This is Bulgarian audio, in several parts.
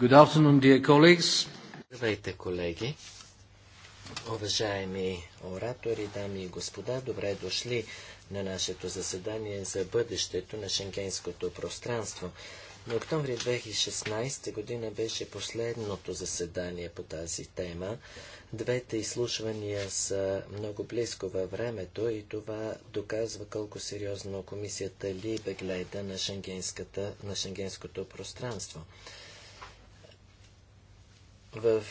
Good afternoon, dear colleagues. Здравейте, колеги. Уважаеми оратори, дами и господа, добре дошли на нашето заседание за бъдещето на шенгенското пространство. На октомври 2016 година беше последното заседание по тази тема. Двете изслушвания са много близко във времето и това доказва колко сериозно комисията Либе гледа на, на шенгенското пространство. В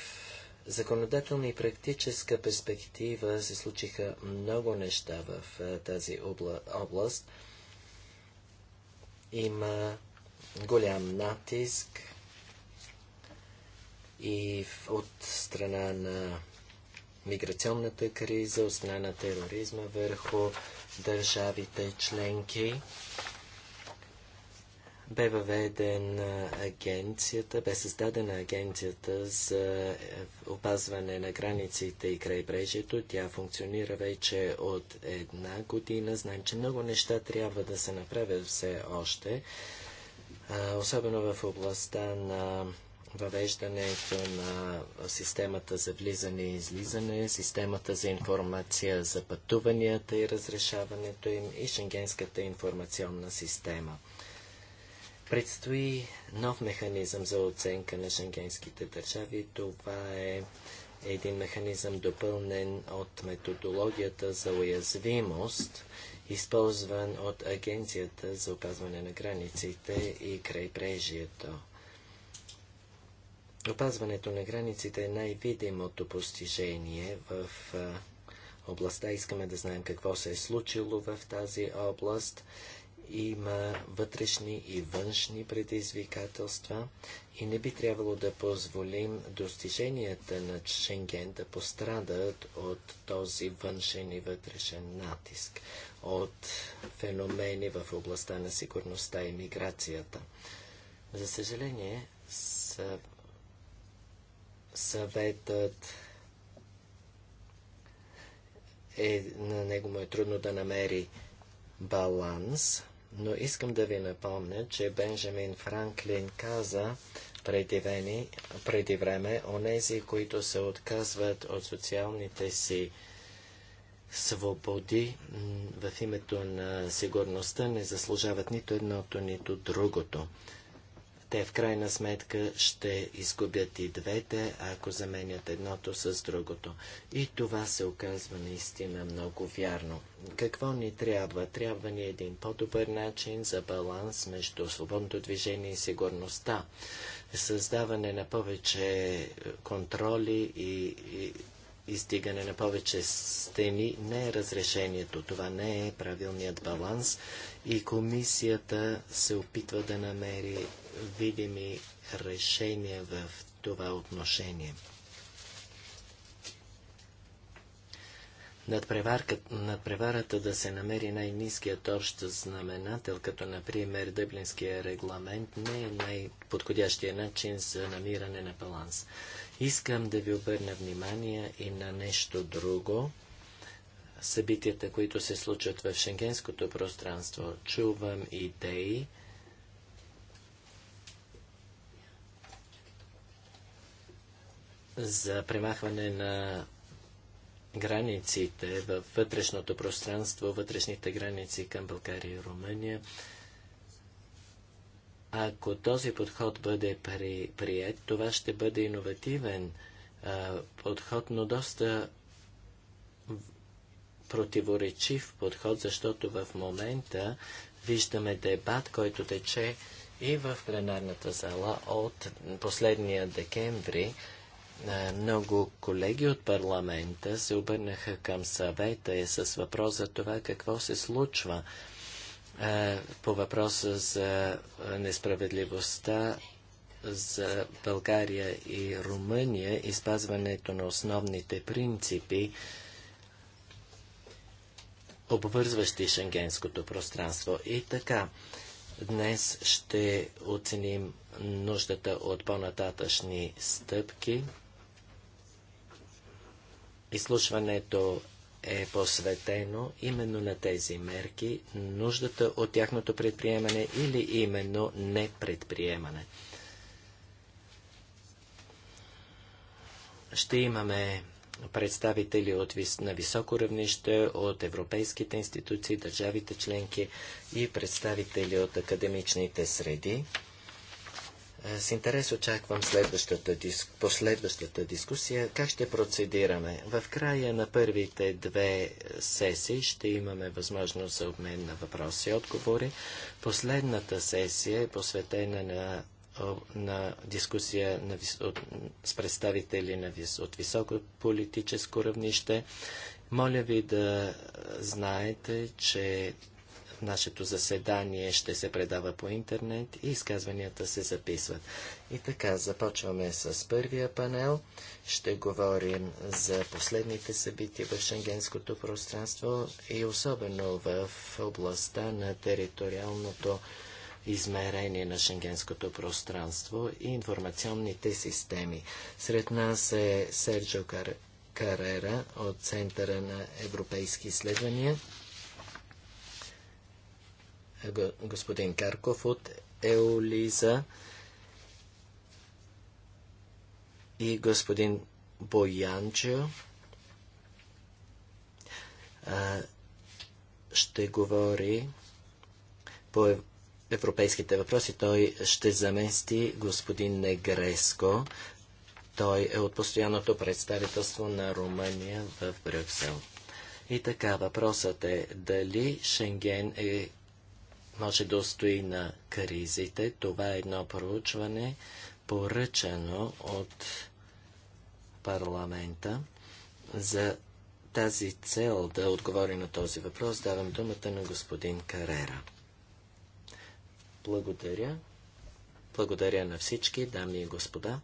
законодателна и практическа перспектива се случиха много неща в тази обла област. Има голям натиск и от страна на миграционната криза, от страна на тероризма върху държавите членки бе въведен агенцията, бе създадена агенцията за опазване на границите и крайбрежието. Тя функционира вече от една година. Знаем, че много неща трябва да се направят все още, особено в областта на въвеждането на системата за влизане и излизане, системата за информация за пътуванията и разрешаването им и Шенгенската информационна система. Предстои нов механизъм за оценка на шенгенските държави. Това е един механизъм допълнен от методологията за уязвимост, използван от Агенцията за опазване на границите и крайбрежието. Опазването на границите е най-видимото постижение в областта. Искаме да знаем какво се е случило в тази област има вътрешни и външни предизвикателства и не би трябвало да позволим достиженията на Шенген да пострадат от този външен и вътрешен натиск, от феномени в областта на сигурността и миграцията. За съжаление, съветът е, на него му е трудно да намери баланс – но искам да ви напомня, че Бенджамин Франклин каза преди, вени, преди време, онези, които се отказват от социалните си свободи в името на сигурността, не заслужават нито едното, нито другото. Те в крайна сметка ще изгубят и двете, ако заменят едното с другото. И това се оказва наистина много вярно. Какво ни трябва? Трябва ни един по-добър начин за баланс между свободното движение и сигурността. Създаване на повече контроли и, и издигане на повече стени не е разрешението. Това не е правилният баланс и комисията се опитва да намери видими решения в това отношение. Надпреварата да се намери най-низкият общ знаменател, като например Дъблинския регламент, не е най-подходящия начин за намиране на баланс. Искам да ви обърна внимание и на нещо друго. Събитията, които се случват в шенгенското пространство. Чувам идеи. за премахване на границите във вътрешното пространство, вътрешните граници към България и Румъния. Ако този подход бъде при, прият, това ще бъде иновативен а, подход, но доста противоречив подход, защото в момента виждаме дебат, който тече и в пленарната зала от последния декември. Много колеги от парламента се обърнаха към съвета и с въпрос за това какво се случва по въпроса за несправедливостта за България и Румъния и спазването на основните принципи, обвързващи шенгенското пространство. И така, днес ще оценим нуждата от по-нататъчни стъпки. Изслушването е посветено именно на тези мерки, нуждата от тяхното предприемане или именно непредприемане. Ще имаме представители от, на високо равнище, от европейските институции, държавите членки и представители от академичните среди. Е, с интерес очаквам следващата, последващата дискусия. Как ще процедираме? В края на първите две е, сесии ще имаме възможност за обмен на въпроси и отговори. Последната сесия е посветена на, на дискусия на, от, с представители на, от високо политическо равнище. Моля ви да е, знаете, че Нашето заседание ще се предава по интернет и изказванията се записват. И така, започваме с първия панел. Ще говорим за последните събития в шенгенското пространство и особено в областта на териториалното измерение на шенгенското пространство и информационните системи. Сред нас е Серджо Кар... Карера от Центъра на европейски изследвания господин Карков от Еолиза и господин Боянчо. Ще говори по европейските въпроси. Той ще замести господин Негреско. Той е от постоянното представителство на Румъния в Брюксел. И така, въпросът е дали Шенген е може да устои на кризите. Това е едно проучване, поръчано от парламента. За тази цел да отговори на този въпрос, давам думата на господин Карера. Благодаря. Благодаря на всички, дами и господа.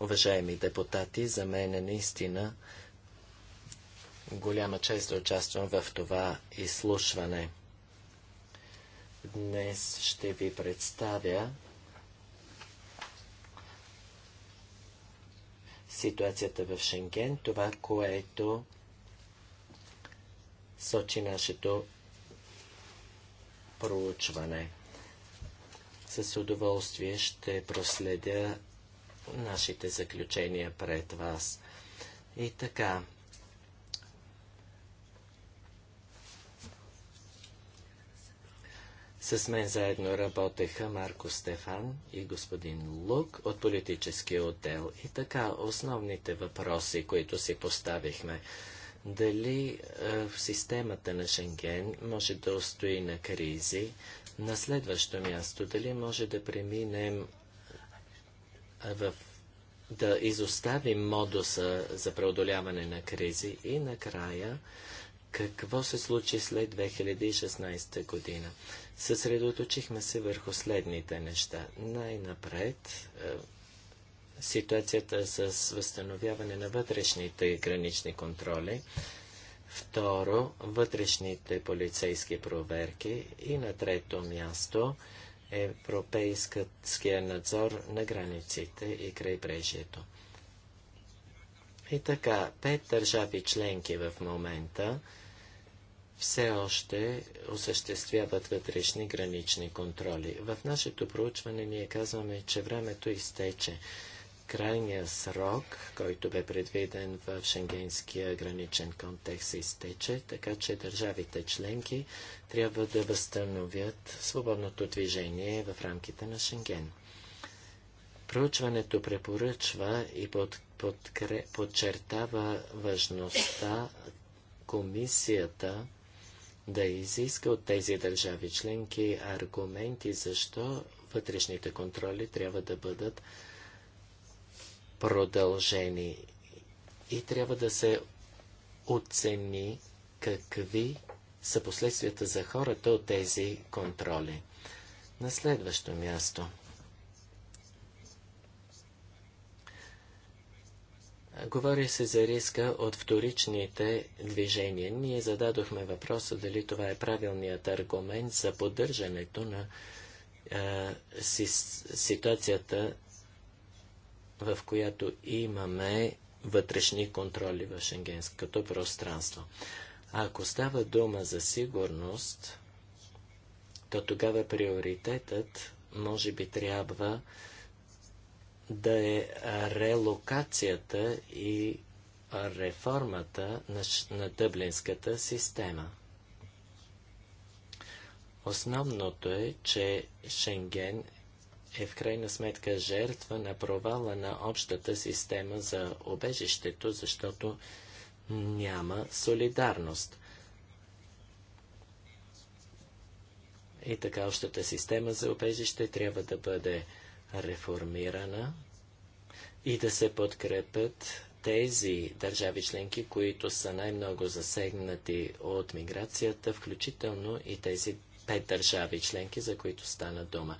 Уважаеми депутати, за мен е наистина голяма чест да участвам в това изслушване. Днес ще ви представя ситуацията в Шенген, това, което сочи нашето проучване. С удоволствие ще проследя нашите заключения пред вас. И така, С мен заедно работеха Марко Стефан и господин Лук от политическия отдел. И така, основните въпроси, които си поставихме. Дали е, в системата на Шенген може да устои на кризи? На следващо място, дали може да преминем е, в да изоставим модуса за преодоляване на кризи и накрая какво се случи след 2016 година? Съсредоточихме се върху следните неща. Най-напред е, ситуацията с възстановяване на вътрешните гранични контроли. Второ, вътрешните полицейски проверки. И на трето място европейския надзор на границите и крайбрежието. И така, пет държави членки в момента все още осъществяват вътрешни гранични контроли. В нашето проучване ние казваме, че времето изтече. Крайният срок, който бе предвиден в шенгенския граничен контекст, изтече, така че държавите членки трябва да възстановят свободното движение в рамките на Шенген. Проучването препоръчва и под, под, подчертава важността комисията да изиска от тези държави членки аргументи защо вътрешните контроли трябва да бъдат продължени и трябва да се оцени какви са последствията за хората от тези контроли. На следващо място – Говори се за риска от вторичните движения. Ние зададохме въпроса дали това е правилният аргумент за поддържането на а, си, ситуацията, в която имаме вътрешни контроли в шенгенското пространство. А ако става дума за сигурност, то тогава приоритетът може би трябва да е релокацията и реформата на, на дъблинската система. Основното е, че Шенген е в крайна сметка жертва на провала на общата система за обежището, защото няма солидарност. И така общата система за обежище трябва да бъде реформирана и да се подкрепят тези държави членки, които са най-много засегнати от миграцията, включително и тези пет държави членки, за които стана дума.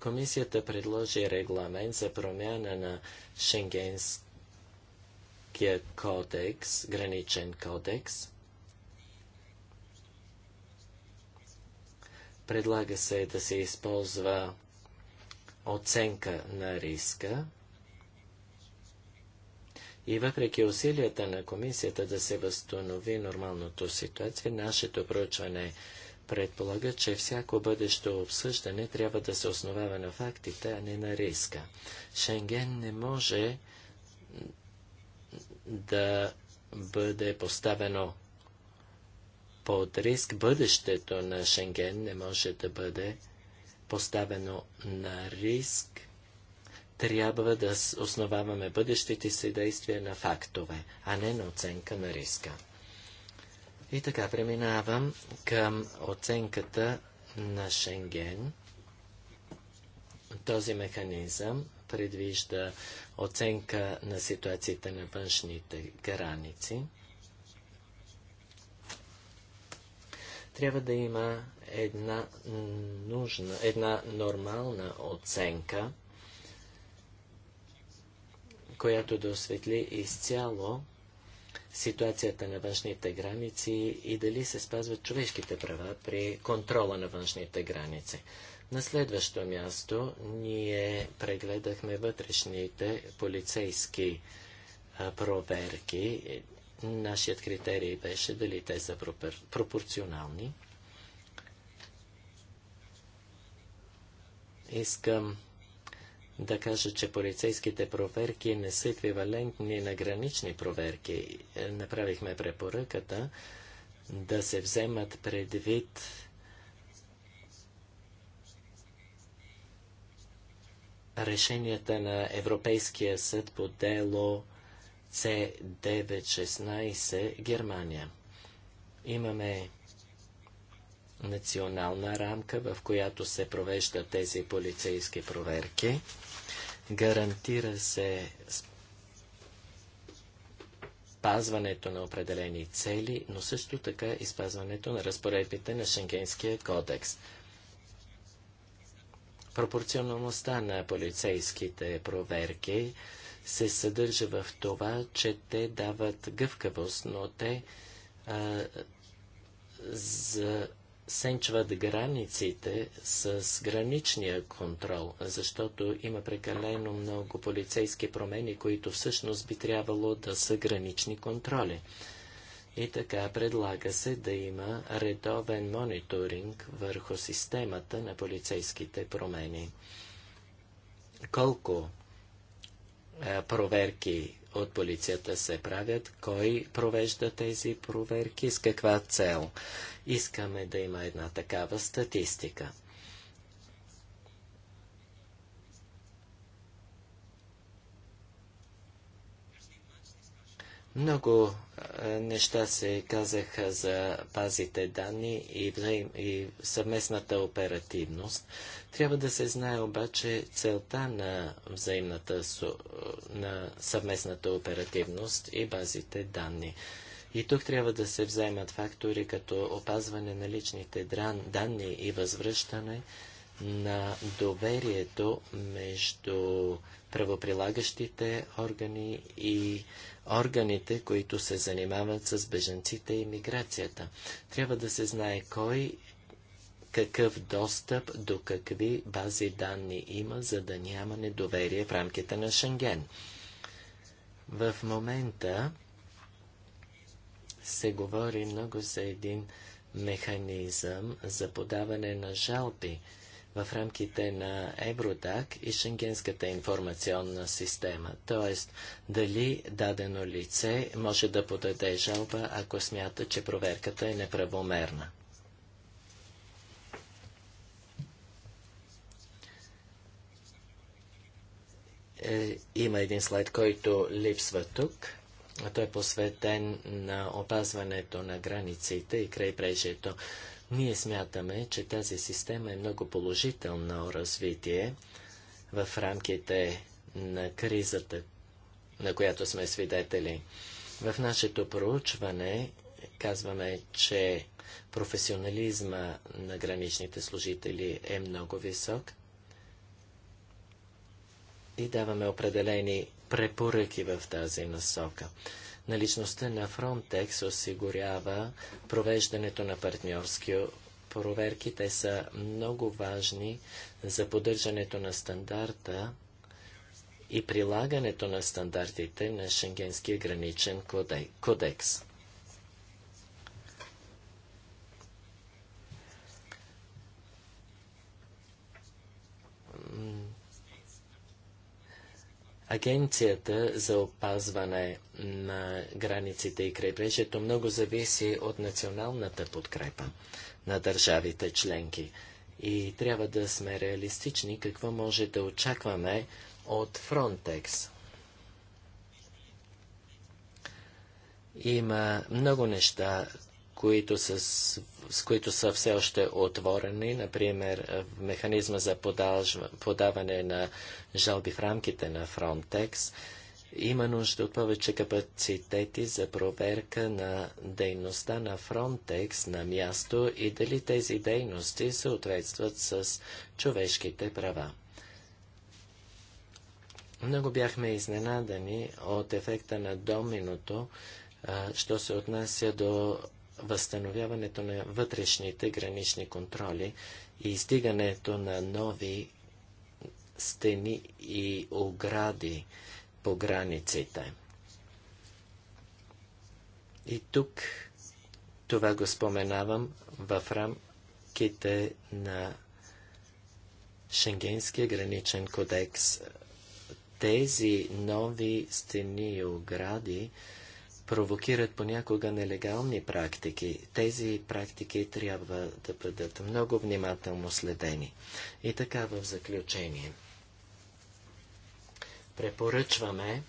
Комисията предложи регламент за промяна на Шенгенския кодекс, граничен кодекс. Предлага се да се използва оценка на риска и въпреки усилията на комисията да се възстанови нормалното ситуация, нашето проучване предполага, че всяко бъдещо обсъждане трябва да се основава на фактите, а не на риска. Шенген не може да бъде поставено под риск. Бъдещето на Шенген не може да бъде поставено на риск, трябва да основаваме бъдещите си действия на фактове, а не на оценка на риска. И така преминавам към оценката на Шенген. Този механизъм предвижда оценка на ситуацията на външните граници. Трябва да има една нужна, една нормална оценка, която да осветли изцяло ситуацията на външните граници и дали се спазват човешките права при контрола на външните граници. На следващо място ние прегледахме вътрешните полицейски проверки. Нашият критерий беше дали те са пропорционални Искам да кажа, че полицейските проверки не са еквивалентни на гранични проверки. Е, направихме препоръката да се вземат предвид решенията на Европейския съд по дело C916 Германия. Имаме национална рамка, в която се провеждат тези полицейски проверки. Гарантира се спазването на определени цели, но също така и спазването на разпоредбите на Шенгенския кодекс. Пропорционалността на полицейските проверки се съдържа в това, че те дават гъвкавост, но те а, за, сенчват границите с граничния контрол, защото има прекалено много полицейски промени, които всъщност би трябвало да са гранични контроли. И така предлага се да има редовен мониторинг върху системата на полицейските промени. Колко проверки от полицията се правят, кой провежда тези проверки, с каква цел. Искаме да има една такава статистика. Много неща се казаха за базите данни и, и съвместната оперативност. Трябва да се знае обаче целта на взаимната на съвместната оперативност и базите данни. И тук трябва да се вземат фактори като опазване на личните данни и възвръщане на доверието между правоприлагащите органи и органите, които се занимават с беженците и миграцията. Трябва да се знае кой какъв достъп до какви бази данни има, за да няма недоверие в рамките на Шенген. В момента се говори много за един механизъм за подаване на жалби в рамките на Евродак и Шенгенската информационна система. Тоест, дали дадено лице може да подаде жалба, ако смята, че проверката е неправомерна. Е, има един слайд, който липсва тук – той е посветен на опазването на границите и крайбрежието. Ние смятаме, че тази система е много положително развитие в рамките на кризата, на която сме свидетели. В нашето проучване казваме, че професионализма на граничните служители е много висок и даваме определени препоръки в тази насока. Наличността на Frontex осигурява провеждането на партньорски проверки. Те са много важни за поддържането на стандарта и прилагането на стандартите на Шенгенския граничен кодекс. Агенцията за опазване на границите и крайбрежието много зависи от националната подкрепа на държавите членки. И трябва да сме реалистични какво може да очакваме от Фронтекс. Има много неща, които са, с които са все още отворени, например е, механизма за подаж, подаване на жалби в рамките на Frontex, има нужда от повече капацитети за проверка на дейността на Frontex на място и дали тези дейности съответстват с човешките права. Много бяхме изненадани от ефекта на доминото, що се отнася до възстановяването на вътрешните гранични контроли и издигането на нови стени и огради по границите. И тук това го споменавам в рамките на Шенгенския граничен кодекс. Тези нови стени и огради провокират понякога нелегални практики. Тези практики трябва да бъдат много внимателно следени. И така в заключение. Препоръчваме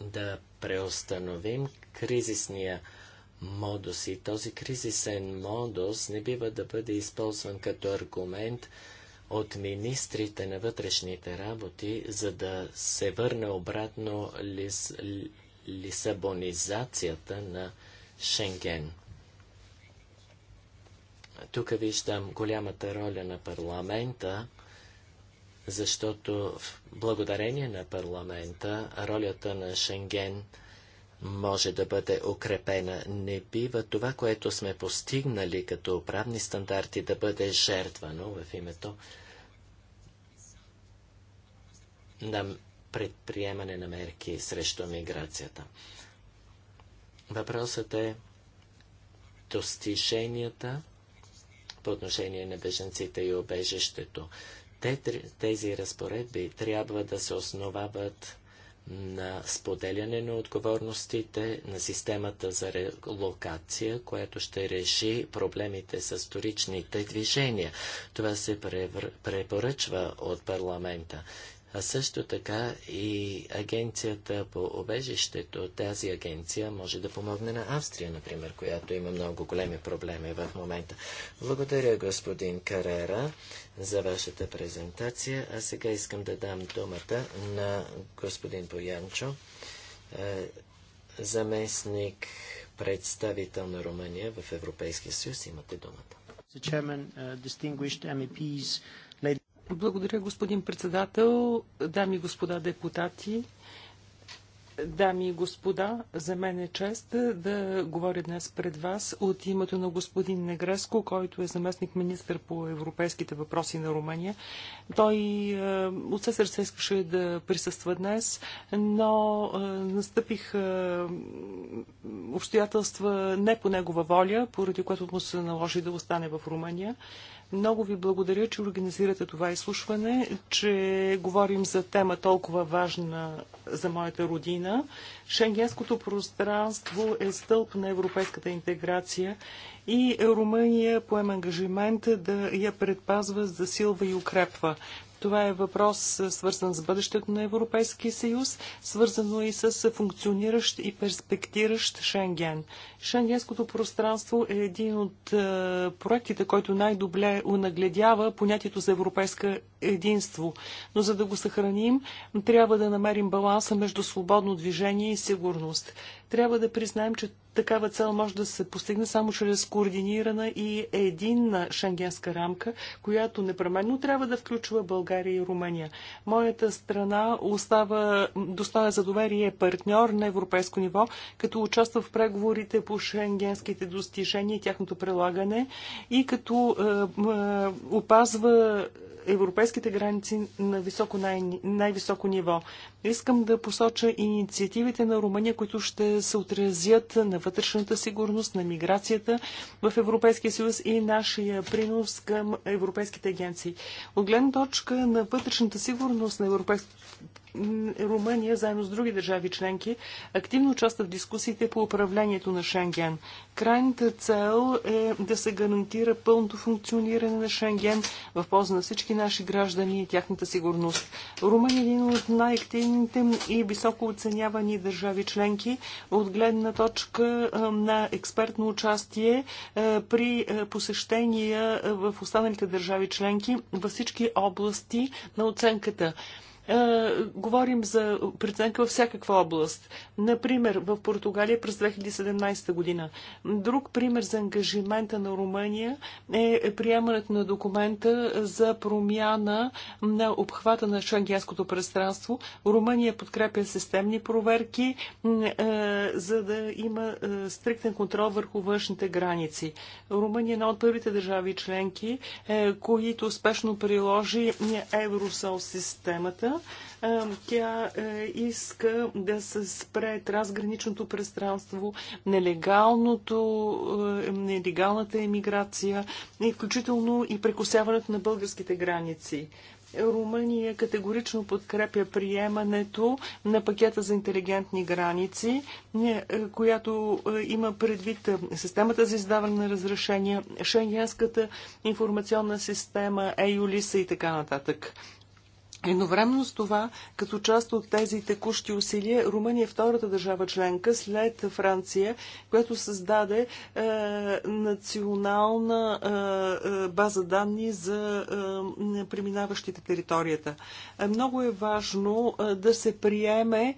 да преустановим кризисния модус и този кризисен модус не бива да бъде използван като аргумент от министрите на вътрешните работи, за да се върне обратно лис, лисабонизацията на Шенген. Тук виждам голямата роля на парламента, защото в благодарение на парламента ролята на Шенген може да бъде укрепена. Не бива това, което сме постигнали като правни стандарти, да бъде жертвано в името на предприемане на мерки срещу миграцията. Въпросът е достиженията по отношение на беженците и обежището. тези разпоредби трябва да се основават на споделяне на отговорностите на системата за релокация, която ще реши проблемите с вторичните движения. Това се препоръчва от парламента. А също така и агенцията по обежището, тази агенция може да помогне на Австрия, например, която има много големи проблеми в момента. Благодаря, господин Карера, за вашата презентация. А сега искам да дам думата на господин Боянчо, е, заместник представител на Румъния в Европейския съюз. Имате думата. Благодаря, господин председател, дами и господа депутати. Дами и господа, за мен е чест да говоря днес пред вас от името на господин Негреско, който е заместник министр по европейските въпроси на Румъния. Той е, от се сърце искаше да присъства днес, но е, настъпих е, обстоятелства не по негова воля, поради което му се наложи да остане в Румъния. Много ви благодаря, че организирате това изслушване, че говорим за тема толкова важна за моята родина. Шенгенското пространство е стълб на европейската интеграция и Румъния поема ангажимент да я предпазва, засилва и укрепва. Това е въпрос е, свързан с бъдещето на Европейския съюз, свързано и с функциониращ и перспектиращ Шенген. Шенгенското пространство е един от е, проектите, който най-добре унагледява понятието за европейска единство. Но за да го съхраним, трябва да намерим баланса между свободно движение и сигурност трябва да признаем, че такава цел може да се постигне само чрез координирана и единна шенгенска рамка, която непременно трябва да включва България и Румъния. Моята страна остава достойна за доверие партньор на европейско ниво, като участва в преговорите по шенгенските достижения и тяхното прилагане и като е, е, опазва европейските граници на високо, най- най-високо ниво. Искам да посоча инициативите на Румъния, които ще се отразят на вътрешната сигурност, на миграцията в Европейския съюз и нашия принос към европейските агенции. От гледна точка на вътрешната сигурност на Европейския Румъния, заедно с други държави членки, активно участва в дискусиите по управлението на Шенген. Крайната цел е да се гарантира пълното функциониране на Шенген в полза на всички наши граждани и тяхната сигурност. Румъния е един от най-активните и високо оценявани държави членки от гледна точка на експертно участие при посещения в останалите държави членки във всички области на оценката. Е, говорим за преценка във всякаква област. Например, в Португалия през 2017 година. Друг пример за ангажимента на Румъния е приемането на документа за промяна на обхвата на шенгенското пространство. Румъния подкрепя системни проверки, е, за да има е, стриктен контрол върху външните граници. Румъния е една от първите държави членки, които успешно приложи Евросол системата е, тя е, иска да се спре трансграничното пространство, нелегалното, е, нелегалната емиграция и включително и прекусяването на българските граници. Румъния категорично подкрепя приемането на пакета за интелигентни граници, която има предвид системата за издаване на разрешения, Шенгенската информационна система, ЕЮЛИСа и така нататък. Едновременно с това, като част от тези текущи усилия, Румъния е втората държава членка след Франция, която създаде е, национална е, е база данни за е, преминаващите територията. Е, много е важно е, да се приеме е,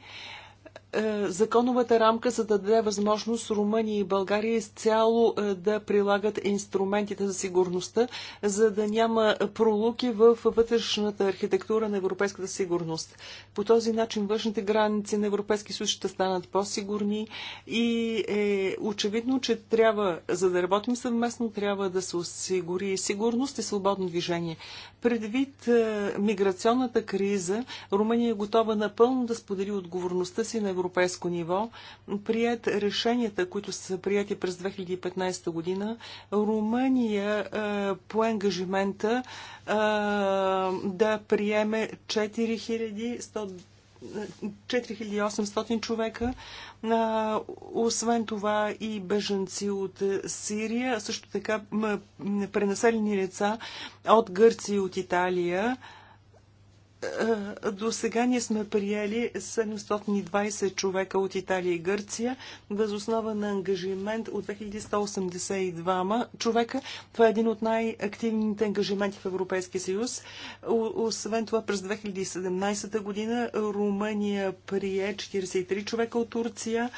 е, законовата рамка, за да даде възможност Румъния и България изцяло е, да прилагат инструментите за сигурността, за да няма пролуки в вътрешната архитектура на европейската сигурност. По този начин външните граници на Европейски съюз ще станат по-сигурни и е очевидно, че трябва, за да работим съвместно, трябва да се осигури сигурност и свободно движение. Предвид е, миграционната криза, Румъния е готова напълно да сподели отговорността си на европейско ниво, прият решенията, които са прияти през 2015 година, Румъния е, по ангажимента е, да приеме 4100 4800 човека. Е, освен това и бежанци от Сирия, също така пренаселени лица от Гърция и от Италия. Е, до сега ние сме приели 720 човека от Италия и Гърция, възоснова на ангажимент от 2182 човека. Това е един от най-активните ангажименти в Европейския съюз. Освен това, през 2017 година Румъния прие 43 човека от Турция,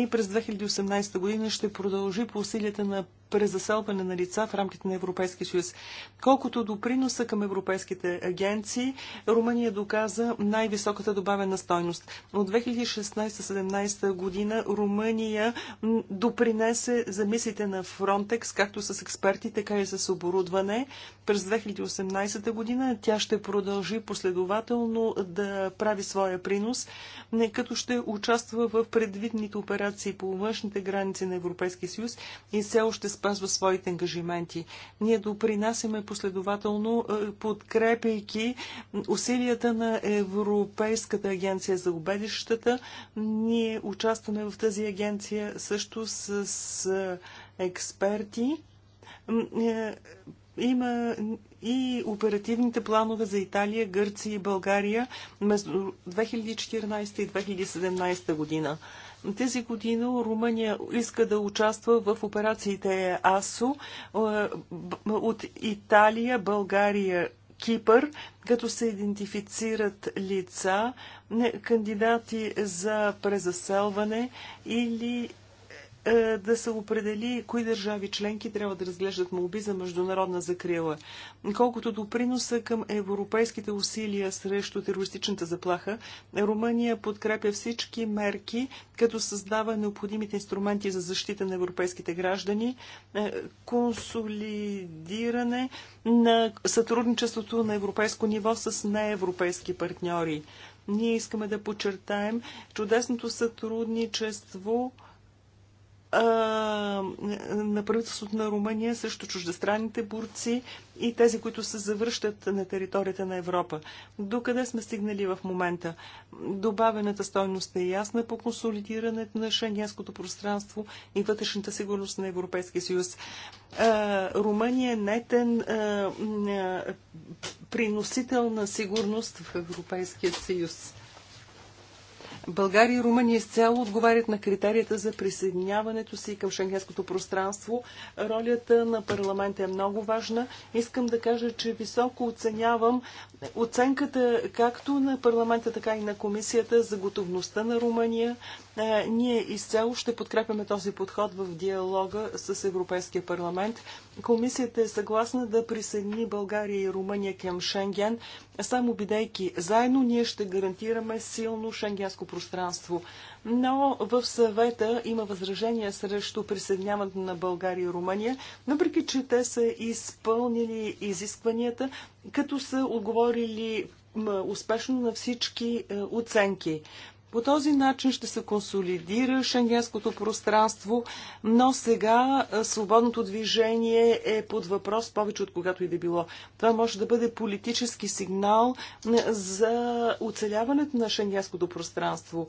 и през 2018 година ще продължи по усилията на презаселване на лица в рамките на Европейския съюз. Колкото до приноса към европейските агенции, Румъния доказа най-високата добавена стойност. От 2016-17 година Румъния допринесе за мислите на Фронтекс, както с експерти, така и с оборудване. През 2018 година тя ще продължи последователно да прави своя принос, като ще участва в предвидните операции операции по външните граници на Европейския съюз и все още спазва своите ангажименти. Ние допринасяме последователно, е, подкрепяйки усилията на Европейската агенция за убедищата. Ние участваме в тази агенция също с експерти е, има и оперативните планове за Италия, Гърция и България между 2014 и 2017 година. Тази година Румъния иска да участва в операциите АСО е, от Италия, България, Кипър, като се идентифицират лица, кандидати за презаселване или е, да се определи кои държави членки трябва да разглеждат молби за международна закрила. Колкото до приноса към европейските усилия срещу терористичната заплаха, Румъния подкрепя всички мерки, като създава необходимите инструменти за защита на европейските граждани, е, консолидиране на сътрудничеството на европейско ниво с неевропейски партньори. Ние искаме да подчертаем чудесното сътрудничество на правителството на Румъния срещу чуждестранните бурци и тези, които се завръщат на територията на Европа. До къде сме стигнали в момента? Добавената стойност е ясна по консолидирането на шенгенското пространство и вътрешната сигурност на Европейския съюз. Румъния е нетен приносител на сигурност в Европейския съюз. България и Румъния изцяло отговарят на критерията за присъединяването си към шенгенското пространство. Ролята на парламента е много важна. Искам да кажа, че високо оценявам оценката както на парламента, така и на комисията за готовността на Румъния ние изцяло ще подкрепяме този подход в диалога с Европейския парламент. Комисията е съгласна да присъедини България и Румъния към Шенген. Само бидейки заедно, ние ще гарантираме силно шенгенско пространство. Но в съвета има възражения срещу присъединяването на България и Румъния, въпреки че те са изпълнили изискванията, като са отговорили успешно на всички е, оценки. По този начин ще се консолидира шенгенското пространство, но сега свободното движение е под въпрос повече от когато и да било. Това може да бъде политически сигнал за оцеляването на шенгенското пространство.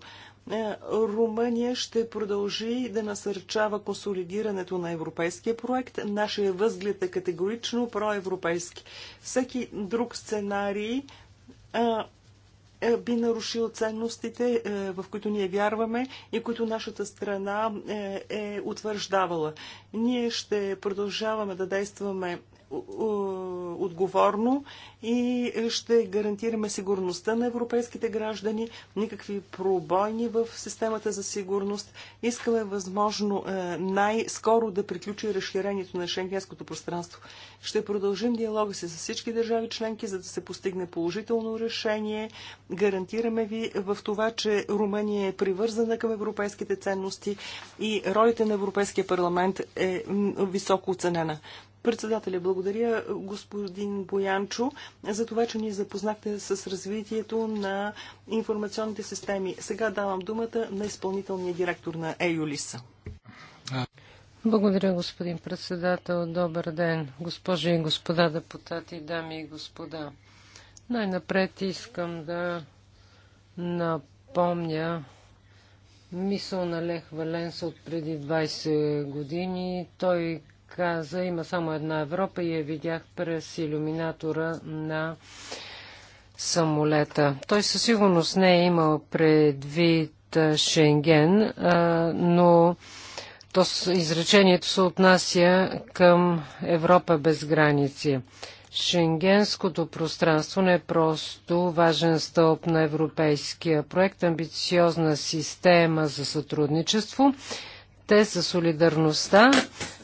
Е, Румъния ще продължи да насърчава консолидирането на европейския проект. Нашия възглед е категорично проевропейски. Всеки друг сценарий е, би нарушил ценностите, е, в които ние вярваме и които нашата страна е, е утвърждавала. Ние ще продължаваме да действаме е, отговорно и ще гарантираме сигурността на европейските граждани, никакви пробойни в системата за сигурност. Искаме възможно е, най-скоро да приключи разширението на шенгенското пространство. Ще продължим диалога си с всички държави членки, за да се постигне положително решение. Гарантираме ви в това, че Румъния е привързана към европейските ценности и ролите на Европейския парламент е високо оценена. Председателя, благодаря господин Боянчо за това, че ни запознахте с развитието на информационните системи. Сега давам думата на изпълнителния директор на ЕЮЛИСа. Благодаря, господин председател. Добър ден, госпожи и господа депутати, дами и господа. Най-напред искам да напомня мисъл на Лех Валенса от преди 20 години. Той каза, има само една Европа и я видях през иллюминатора на самолета. Той със сигурност не е имал предвид Шенген, но то изречението се отнася към Европа без граници. Шенгенското пространство не е просто важен стълб на европейския проект, амбициозна система за сътрудничество – те са солидарността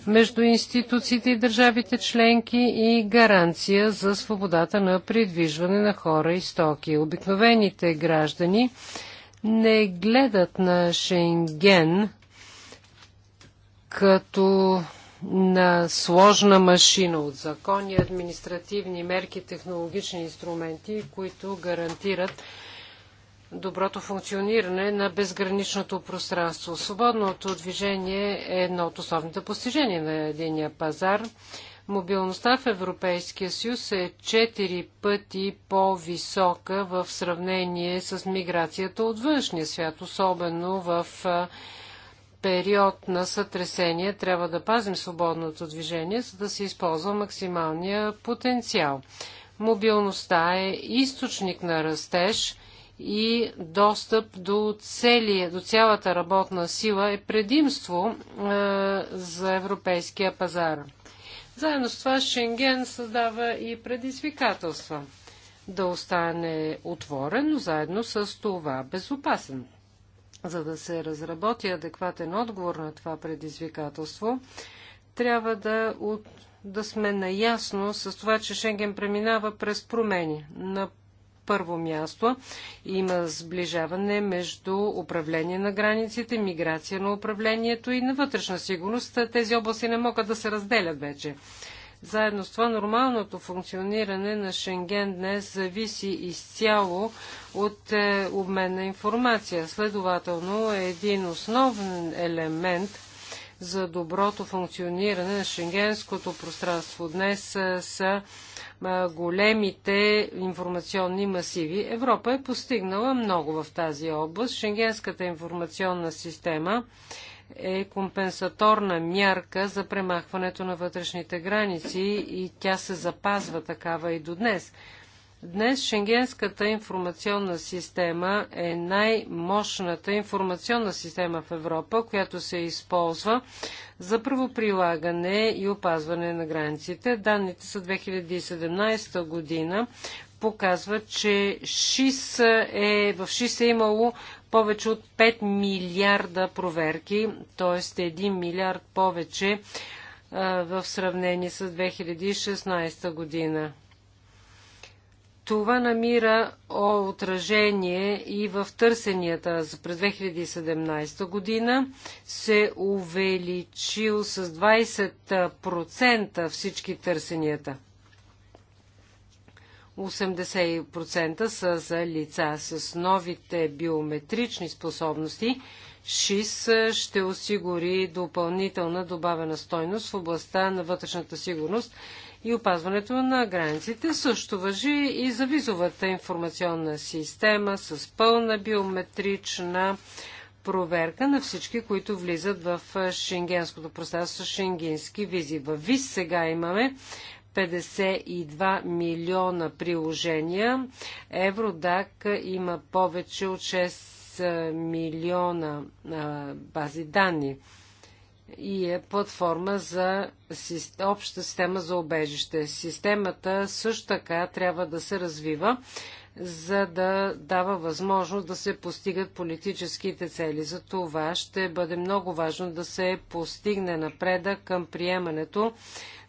между институциите и държавите членки и гаранция за свободата на придвижване на хора и стоки. Обикновените граждани не гледат на Шенген като на сложна машина от закони, административни мерки, технологични инструменти, които гарантират доброто функциониране на безграничното пространство. Свободното движение е едно от основните постижения на единия пазар. Мобилността в Европейския съюз е 4 пъти по-висока в сравнение с миграцията от външния свят, особено в период на сътресение трябва да пазим свободното движение, за да се използва максималния потенциал. Мобилността е източник на растеж – и достъп до, цели, до цялата работна сила е предимство е, за европейския пазар. Заедно с това Шенген създава и предизвикателства да остане отворен, но заедно с това безопасен. За да се разработи адекватен отговор на това предизвикателство, трябва да, от, да сме наясно с това, че Шенген преминава през промени. На първо място има сближаване между управление на границите, миграция на управлението и на вътрешна сигурност. Тези области не могат да се разделят вече. Заедно с това нормалното функциониране на Шенген днес зависи изцяло от е, обмен на информация. Следователно, един основен елемент – за доброто функциониране на шенгенското пространство. Днес са големите информационни масиви. Европа е постигнала много в тази област. Шенгенската информационна система е компенсаторна мярка за премахването на вътрешните граници и тя се запазва такава и до днес. Днес Шенгенската информационна система е най-мощната информационна система в Европа, която се използва за правоприлагане и опазване на границите. Данните са 2017 година показва, че ШИС е, в ШИС е имало повече от 5 милиарда проверки, т.е. 1 милиард повече а, в сравнение с 2016 година. Това намира отражение и в търсенията за през 2017 година се увеличил с 20% всички търсенията. 80% са за лица с новите биометрични способности. ШИС ще осигури допълнителна добавена стойност в областта на вътрешната сигурност и опазването на границите. Също въжи и за визовата информационна система с пълна биометрична проверка на всички, които влизат в шенгенското пространство с шенгенски визи. В ВИЗ сега имаме 52 милиона приложения. Евродак има повече от 6 милиона бази данни и е платформа за обща система за обежище. Системата също така трябва да се развива, за да дава възможност да се постигат политическите цели. За това ще бъде много важно да се постигне напредък към приемането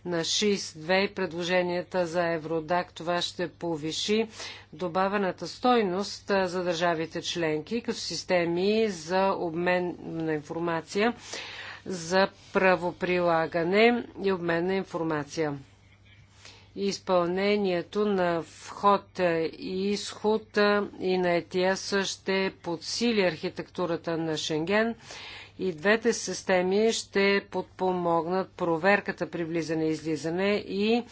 на 6 2 и предложенията за Евродак. Това ще повиши добавената стойност за държавите членки като системи за обмен на информация за правоприлагане и обмен на информация. Изпълнението на вход и изход и на ETS ще подсили архитектурата на Шенген и двете системи ще подпомогнат проверката при влизане и излизане и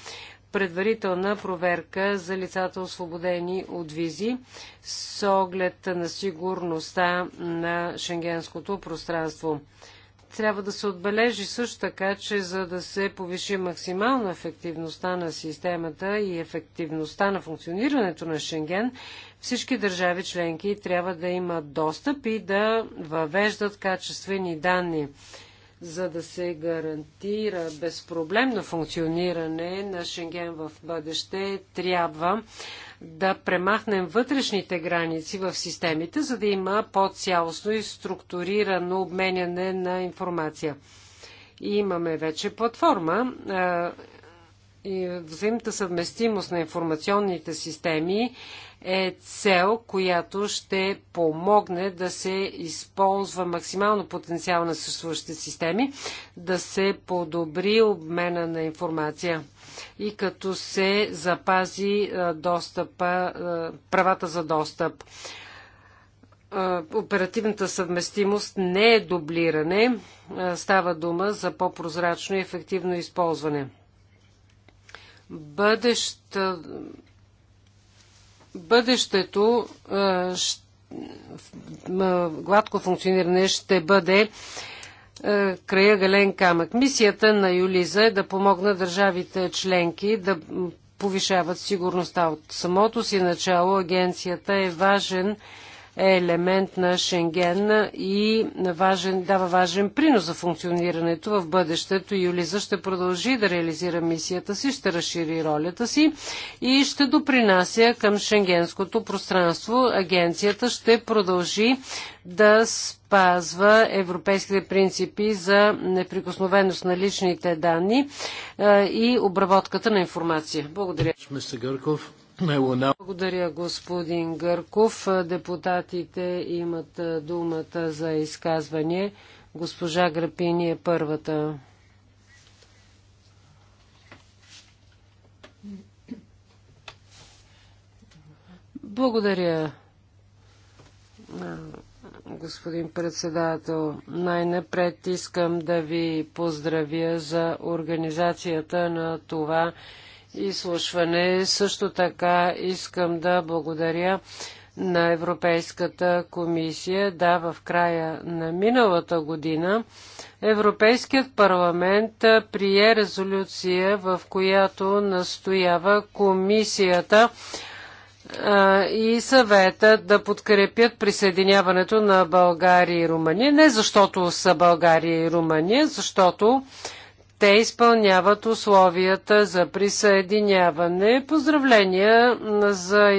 предварителна проверка за лицата освободени от визи с оглед на сигурността на шенгенското пространство. Трябва да се отбележи също така, че за да се повиши максимално ефективността на системата и ефективността на функционирането на Шенген, всички държави членки трябва да имат достъп и да въвеждат качествени данни за да се гарантира безпроблемно функциониране на Шенген в бъдеще, трябва да премахнем вътрешните граници в системите, за да има по-цялостно и структурирано обменяне на информация. И имаме вече платформа и взаимната съвместимост на информационните системи е цел, която ще помогне да се използва максимално потенциал на съществуващите системи, да се подобри обмена на информация и като се запази достъпа, правата за достъп. Оперативната съвместимост не е дублиране, става дума за по-прозрачно и ефективно използване. Бъдеща бъдещето гладко функциониране ще бъде края гален камък. Мисията на Юлиза е да помогна държавите членки да повишават сигурността. От самото си начало агенцията е важен е елемент на Шенген и важен, дава важен принос за функционирането в бъдещето. Юлиза ще продължи да реализира мисията си, ще разшири ролята си и ще допринася към шенгенското пространство. Агенцията ще продължи да спазва европейските принципи за неприкосновеност на личните данни е, и обработката на информация. Благодаря. Благодаря, господин Гърков. Депутатите имат думата за изказване. Госпожа Грапини е първата. Благодаря, господин председател. Най-напред искам да ви поздравя за организацията на това изслушване. Също така искам да благодаря на Европейската комисия. Да, в края на миналата година Европейският парламент прие резолюция, в която настоява комисията и съвета да подкрепят присъединяването на България и Румъния. Не защото са България и Румъния, защото те изпълняват условията за присъединяване. Поздравления за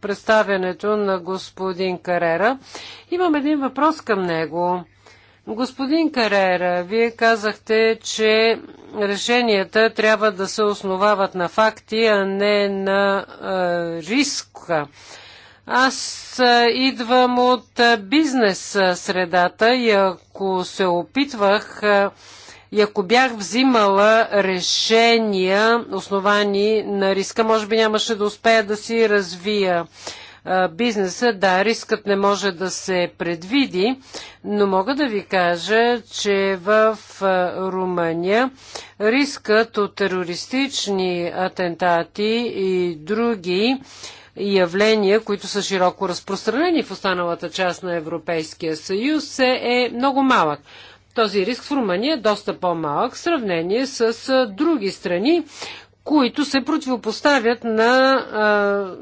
представянето на господин Карера. Имам един въпрос към него. Господин Карера, вие казахте, че решенията трябва да се основават на факти, а не на е, риска. Аз идвам от бизнес средата и ако се опитвах е, и ако бях взимала решения, основани на риска, може би нямаше да успея да си развия бизнеса. Да, рискът не може да се предвиди, но мога да ви кажа, че в Румъния рискът от терористични атентати и други явления, които са широко разпространени в останалата част на Европейския съюз, е много малък. Този риск в Румъния е доста по-малък в сравнение с други страни, които се противопоставят на а,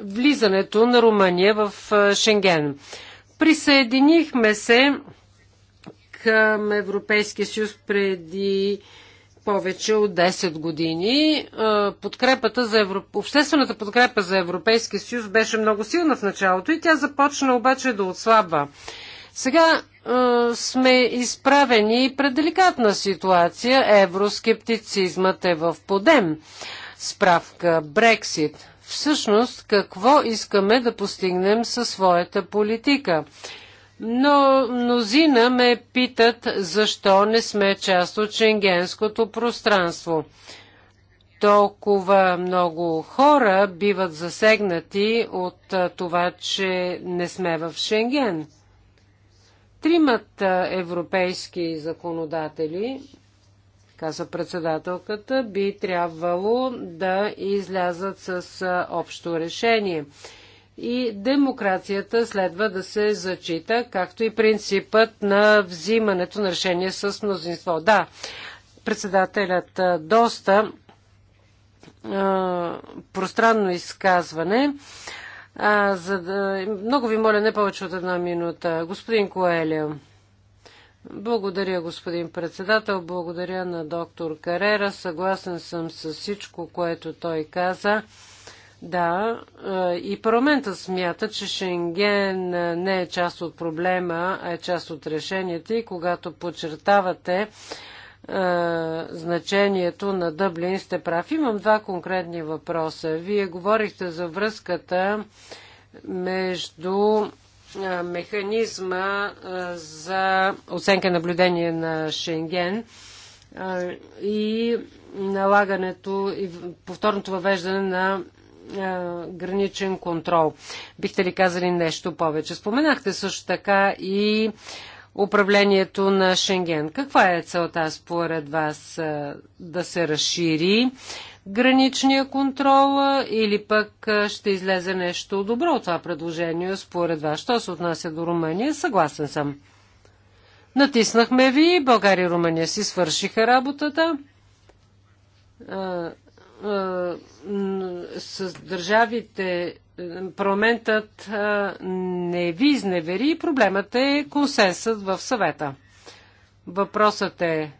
влизането на Румъния в Шенген. Присъединихме се към Европейския съюз преди повече от 10 години. Подкрепата за Евро... Обществената подкрепа за Европейския съюз беше много силна в началото и тя започна обаче да отслабва. Сега е, сме изправени пред деликатна ситуация. Евроскептицизмът е в подем. Справка Брексит. Всъщност, какво искаме да постигнем със своята политика? Но мнозина ме питат защо не сме част от шенгенското пространство. Толкова много хора биват засегнати от това, че не сме в Шенген. Тримата европейски законодатели, каза председателката, би трябвало да излязат с общо решение. И демокрацията следва да се зачита, както и принципът на взимането на решение с мнозинство. Да, председателят доста пространно изказване а, за да... Много ви моля, не повече от една минута. Господин Коелио. Благодаря, господин председател. Благодаря на доктор Карера. Съгласен съм с всичко, което той каза. Да, е, и парламента смята, че Шенген не е част от проблема, а е част от решението. И когато подчертавате е, значението на Дъблин, сте прав. Имам два конкретни въпроса. Вие говорихте за връзката между е, механизма е, за оценка и наблюдение на Шенген и налагането и повторното въвеждане на граничен контрол. Бихте ли казали нещо повече? Споменахте също така и управлението на Шенген. Каква е целта според вас да се разшири граничния контрол или пък ще излезе нещо добро от това предложение според вас? Що се отнася до Румъния? Съгласен съм. Натиснахме ви, България и Румъния си свършиха работата. С държавите парламентът не ви изневери и проблемът е консенсът в съвета. Въпросът е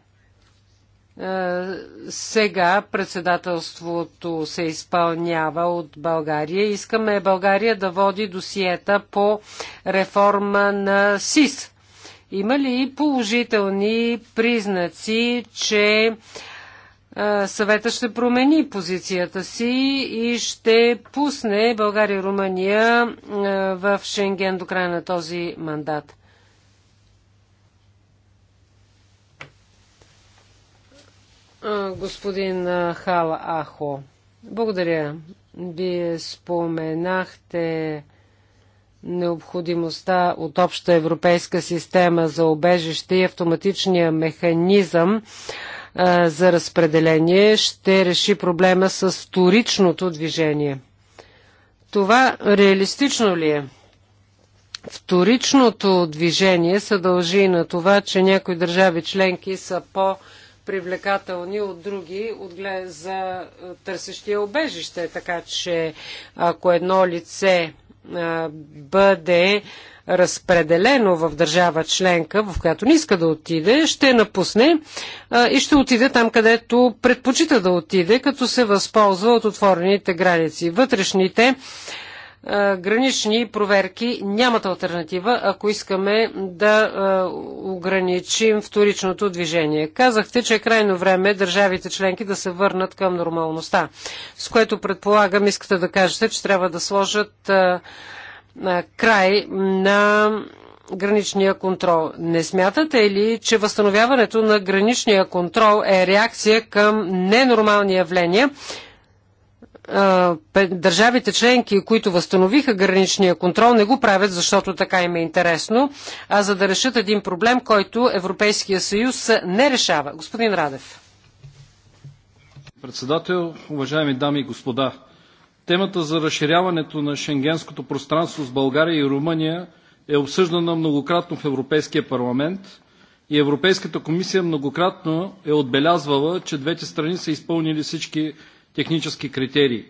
сега председателството се изпълнява от България. Искаме България да води досиета по реформа на СИС. Има ли положителни признаци, че съвета ще промени позицията си и ще пусне България и Румъния в Шенген до края на този мандат. Господин Хала Ахо, благодаря. Вие споменахте необходимостта от обща европейска система за обежище и автоматичния механизъм за разпределение ще реши проблема с вторичното движение. Това реалистично ли е? Вторичното движение се дължи на това, че някои държави членки са по- привлекателни от други от глед, за търсещия обежище. Така че ако едно лице бъде разпределено в държава членка, в която не иска да отиде, ще напусне а, и ще отиде там, където предпочита да отиде, като се възползва от отворените граници. Вътрешните а, гранични проверки нямат альтернатива, ако искаме да а, ограничим вторичното движение. Казахте, че е крайно време държавите членки да се върнат към нормалността, с което предполагам искате да кажете, че трябва да сложат край на граничния контрол. Не смятате ли, че възстановяването на граничния контрол е реакция към ненормални явления? Държавите членки, които възстановиха граничния контрол, не го правят, защото така им е интересно, а за да решат един проблем, който Европейския съюз не решава. Господин Радев. Председател, уважаеми дами и господа, Темата за разширяването на шенгенското пространство с България и Румъния е обсъждана многократно в Европейския парламент и Европейската комисия многократно е отбелязвала, че двете страни са изпълнили всички технически критерии,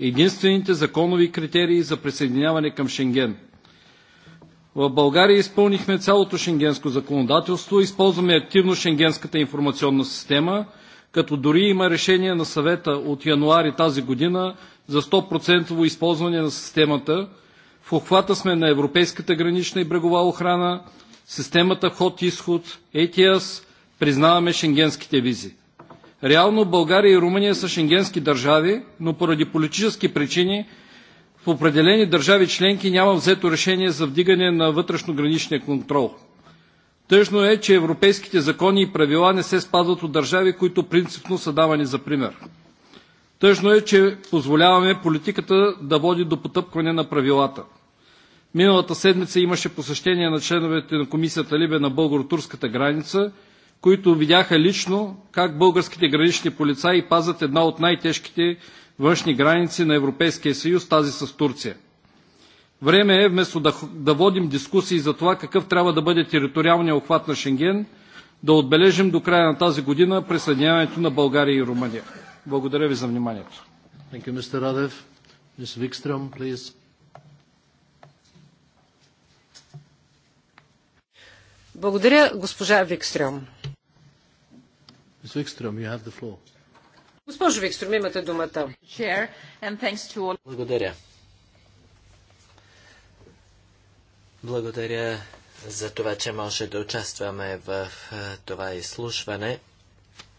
единствените законови критерии за присъединяване към Шенген. В България изпълнихме цялото шенгенско законодателство, използваме активно шенгенската информационна система, като дори има решение на съвета от януари тази година за 100% използване на системата. В обхвата сме на Европейската гранична и брегова охрана, системата ход изход ETIAS, признаваме шенгенските визи. Реално България и Румъния са шенгенски държави, но поради политически причини в определени държави членки няма взето решение за вдигане на вътрешно граничния контрол. Тъжно е, че европейските закони и правила не се спазват от държави, които принципно са давани за пример. Тъжно е, че позволяваме политиката да води до потъпкване на правилата. Миналата седмица имаше посещение на членовете на комисията Либе на българо-турската граница, които видяха лично как българските гранични полицаи пазят една от най-тежките външни граници на Европейския съюз, тази с Турция. Време е, вместо да, да водим дискусии за това какъв трябва да бъде териториалния охват на Шенген, да отбележим до края на тази година присъединяването на България и Румъния. Благодаря ви за вниманието. Thank you, Mr. Radev. Ms. Wikström, please. Благодаря, госпожа Викстрем. Госпожо Викстрем, имате думата. Благодаря. Благодаря за това, че може да участваме в това изслушване.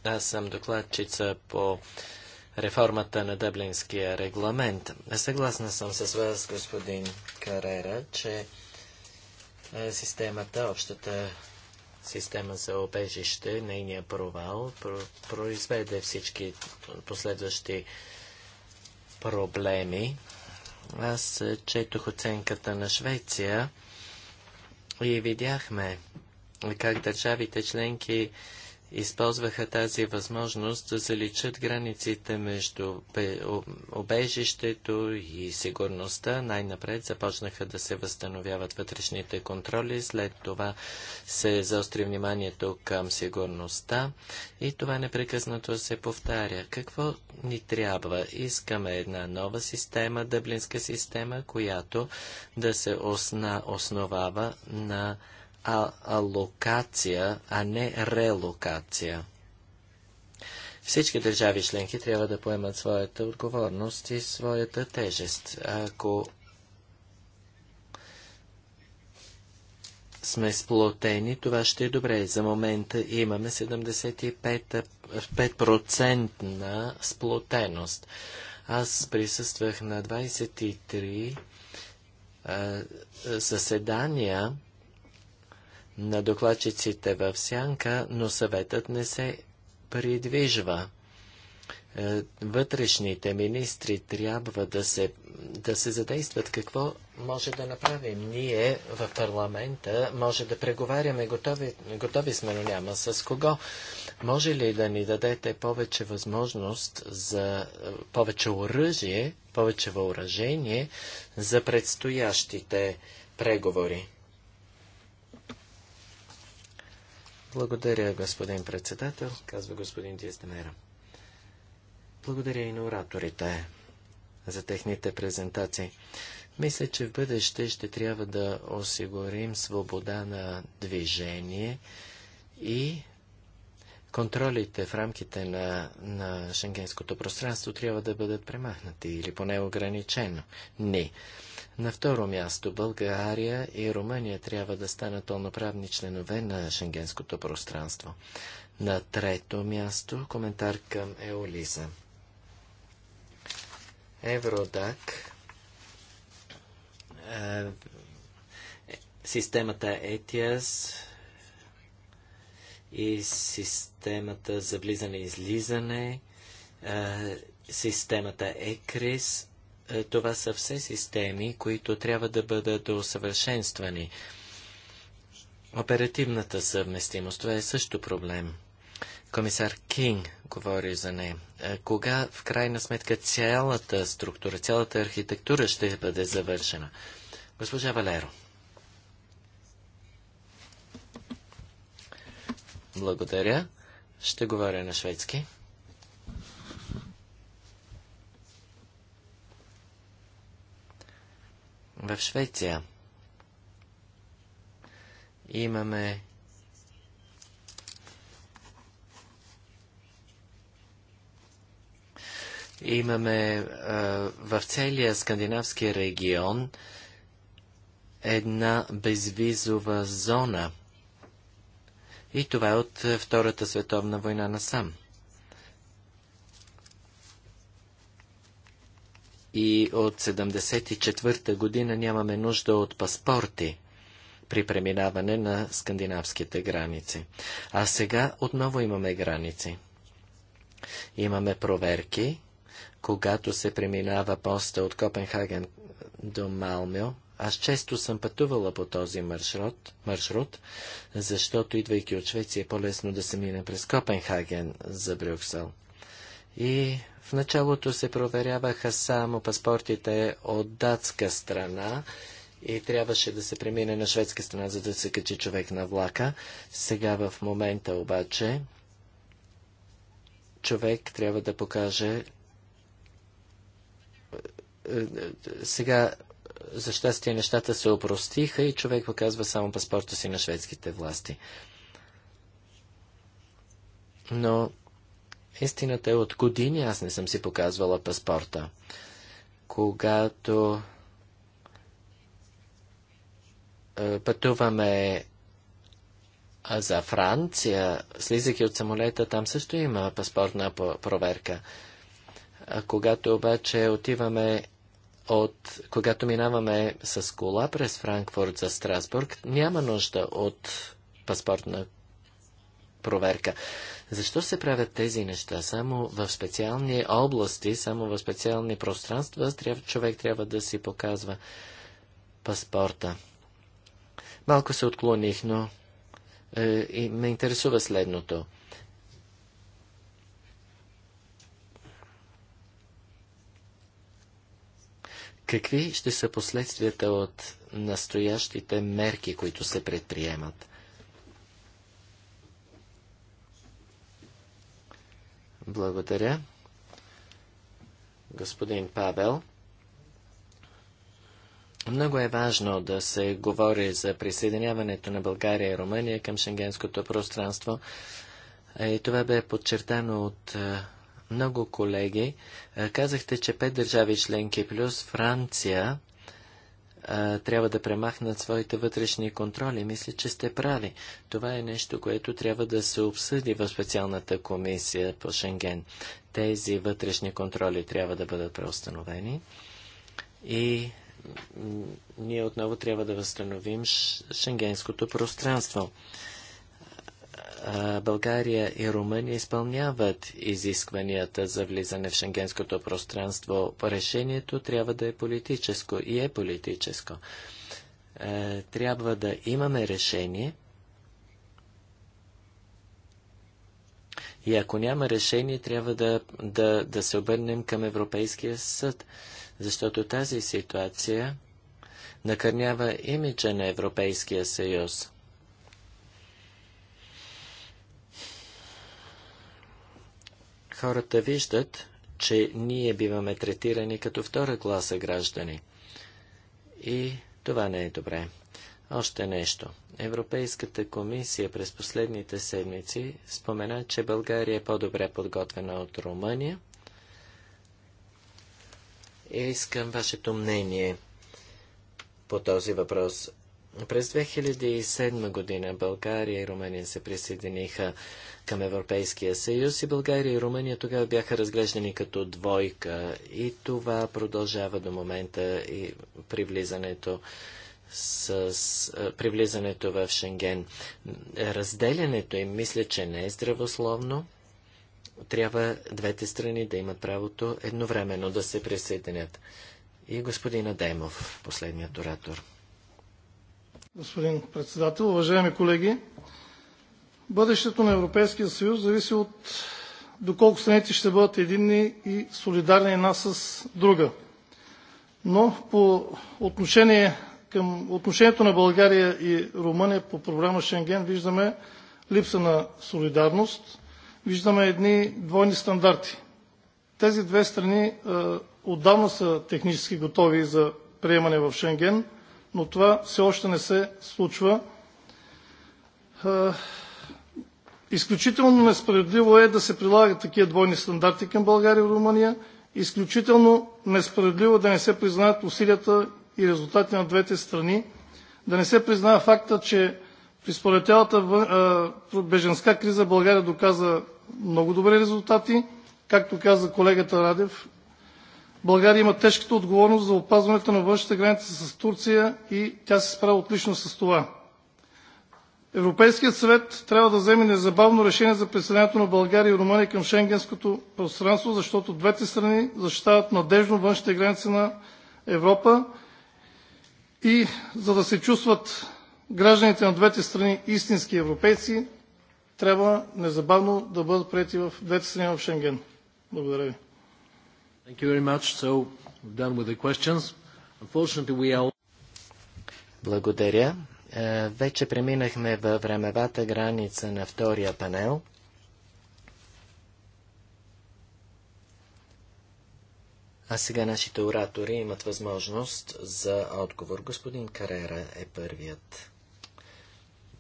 Аз съм докладчица по реформата на Дъблинския регламент. Съгласна съм с вас, господин Карера, че е, системата, общата система за обежище, нейния провал, произведе всички последващи проблеми. Аз е, четох оценката на Швеция и видяхме как държавите членки използваха тази възможност да заличат границите между обежището и сигурността. Най-напред започнаха да се възстановяват вътрешните контроли, след това се заостри вниманието към сигурността и това непрекъснато се повтаря. Какво ни трябва? Искаме една нова система, дъблинска система, която да се основава на а, алокация, а не релокация. Всички държави членки трябва да поемат своята отговорност и своята тежест. Ако сме сплотени, това ще е добре. За момента имаме 75% на сплотеност. Аз присъствах на 23 а, заседания на докладчиците в сянка, но съветът не се придвижва. Е, вътрешните министри трябва да се, да се задействат. Какво може да направим? Ние в парламента може да преговаряме, готови, готови сме, но няма с кого. Може ли да ни дадете повече възможност за повече оръжие, повече въоръжение за предстоящите преговори? Благодаря, господин председател, казва господин Диестемера. Благодаря и на ораторите за техните презентации. Мисля, че в бъдеще ще трябва да осигурим свобода на движение и контролите в рамките на, на шенгенското пространство трябва да бъдат премахнати или поне ограничено. Не. На второ място, България и Румъния трябва да станат пълноправни членове на шенгенското пространство. На трето място, коментар към Еолиза. Евродак е, системата ЕТИАС и системата за влизане и излизане, е, системата ЕКрис. Е, това са все системи, които трябва да бъдат усъвършенствани. Оперативната съвместимост, това е също проблем. Комисар Кинг говори за нея. Е, кога в крайна сметка цялата структура, цялата архитектура ще бъде завършена? Госпожа Валеро. Благодаря. Ще говоря на шведски. В Швеция имаме имаме а, в целия скандинавски регион една безвизова зона. И това е от Втората световна война насам. и от 74-та година нямаме нужда от паспорти при преминаване на скандинавските граници. А сега отново имаме граници. Имаме проверки, когато се преминава поста от Копенхаген до Малмио. Аз често съм пътувала по този маршрут, маршрут защото идвайки от Швеция е по-лесно да се мине през Копенхаген за Брюксел и в началото се проверяваха само паспортите от датска страна и трябваше да се премине на шведска страна, за да се качи човек на влака. Сега в момента обаче човек трябва да покаже е, е, сега за щастие нещата се опростиха и човек показва само паспорта си на шведските власти. Но Истината е, от години аз не съм си показвала паспорта. Когато пътуваме за Франция, слизайки от самолета, там също има паспортна проверка. А когато обаче отиваме от, когато минаваме с кола през Франкфурт за Страсбург, няма нужда от паспортна проверка. Защо се правят тези неща? Само в специални области, само в специални пространства трябва, човек трябва да си показва паспорта. Малко се отклоних, но е, и ме интересува следното. Какви ще са последствията от настоящите мерки, които се предприемат? Благодаря. Господин Павел, много е важно да се говори за присъединяването на България и Румъния към шенгенското пространство. И е, това бе подчертано от е, много колеги. Е, казахте, че пет държави членки плюс Франция а, трябва да премахнат своите вътрешни контроли. Мисля, че сте прави. Това е нещо, което трябва да се обсъди в специалната комисия по Шенген. Тези вътрешни контроли трябва да бъдат преустановени и ние отново трябва да възстановим шенгенското пространство. България и Румъния изпълняват изискванията за влизане в шенгенското пространство. Решението трябва да е политическо и е политическо. Е, трябва да имаме решение. И ако няма решение, трябва да, да, да се обърнем към Европейския съд, защото тази ситуация накърнява имиджа на Европейския съюз. хората виждат, че ние биваме третирани като втора класа граждани. И това не е добре. Още нещо. Европейската комисия през последните седмици спомена, че България е по-добре подготвена от Румъния. И искам вашето мнение по този въпрос. През 2007 година България и Румъния се присъединиха към Европейския съюз и България и Румъния тогава бяха разглеждани като двойка и това продължава до момента и при влизането с, с привлизането в Шенген. Разделянето им мисля, че не е здравословно. Трябва двете страни да имат правото едновременно да се присъединят. И господин Адемов, последният оратор. Господин председател, уважаеми колеги, бъдещето на Европейския съюз зависи от доколко страните ще бъдат единни и солидарни една с друга. Но по отношение към отношението на България и Румъния по програма Шенген виждаме липса на солидарност, виждаме едни двойни стандарти. Тези две страни отдавна са технически готови за приемане в Шенген – но това все още не се случва. Изключително несправедливо е да се прилагат такива двойни стандарти към България и Румъния. Изключително несправедливо е да не се признаят усилията и резултати на двете страни, да не се признава факта, че при цялата беженска криза България доказа много добри резултати. Както каза колегата Радев, България има тежката отговорност за опазването на външната граница с Турция и тя се справя отлично с това. Европейският съвет трябва да вземе незабавно решение за присъединяването на България и Румъния към Шенгенското пространство, защото двете страни защитават надежно външните граници на Европа и за да се чувстват гражданите на двете страни истински европейци, трябва незабавно да бъдат прияти в двете страни в Шенген. Благодаря ви. Thank you very much. So, we're done with the questions. Unfortunately, we are... Благодаря. Е, вече преминахме във времевата граница на втория панел. А сега нашите оратори имат възможност за отговор. Господин Карера е първият.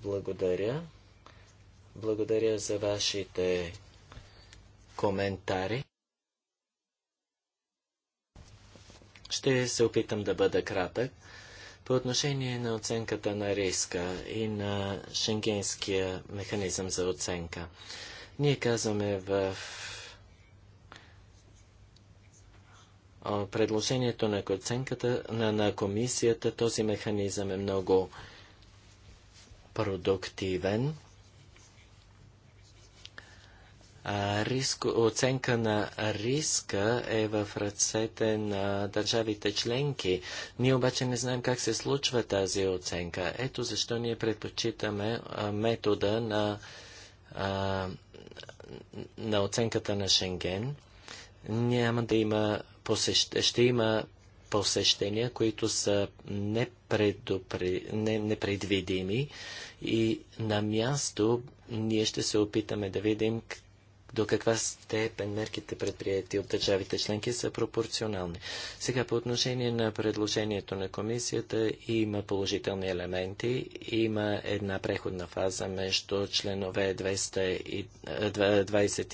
Благодаря. Благодаря за вашите коментари. Ще се опитам да бъда кратък. По отношение на оценката на риска и на шенгенския механизъм за оценка, ние казваме в предложението на оценката на, на комисията, този механизъм е много продуктивен оценка на риска е в ръцете на държавите членки. Ние обаче не знаем как се случва тази оценка. Ето защо ние предпочитаме метода на, на оценката на Шенген. Няма да има посещ... ще има посещения, които са непредопри... не, непредвидими и на място ние ще се опитаме да видим до каква степен мерките предприяти от държавите членки са пропорционални. Сега по отношение на предложението на комисията има положителни елементи. Има една преходна фаза между членове и, 29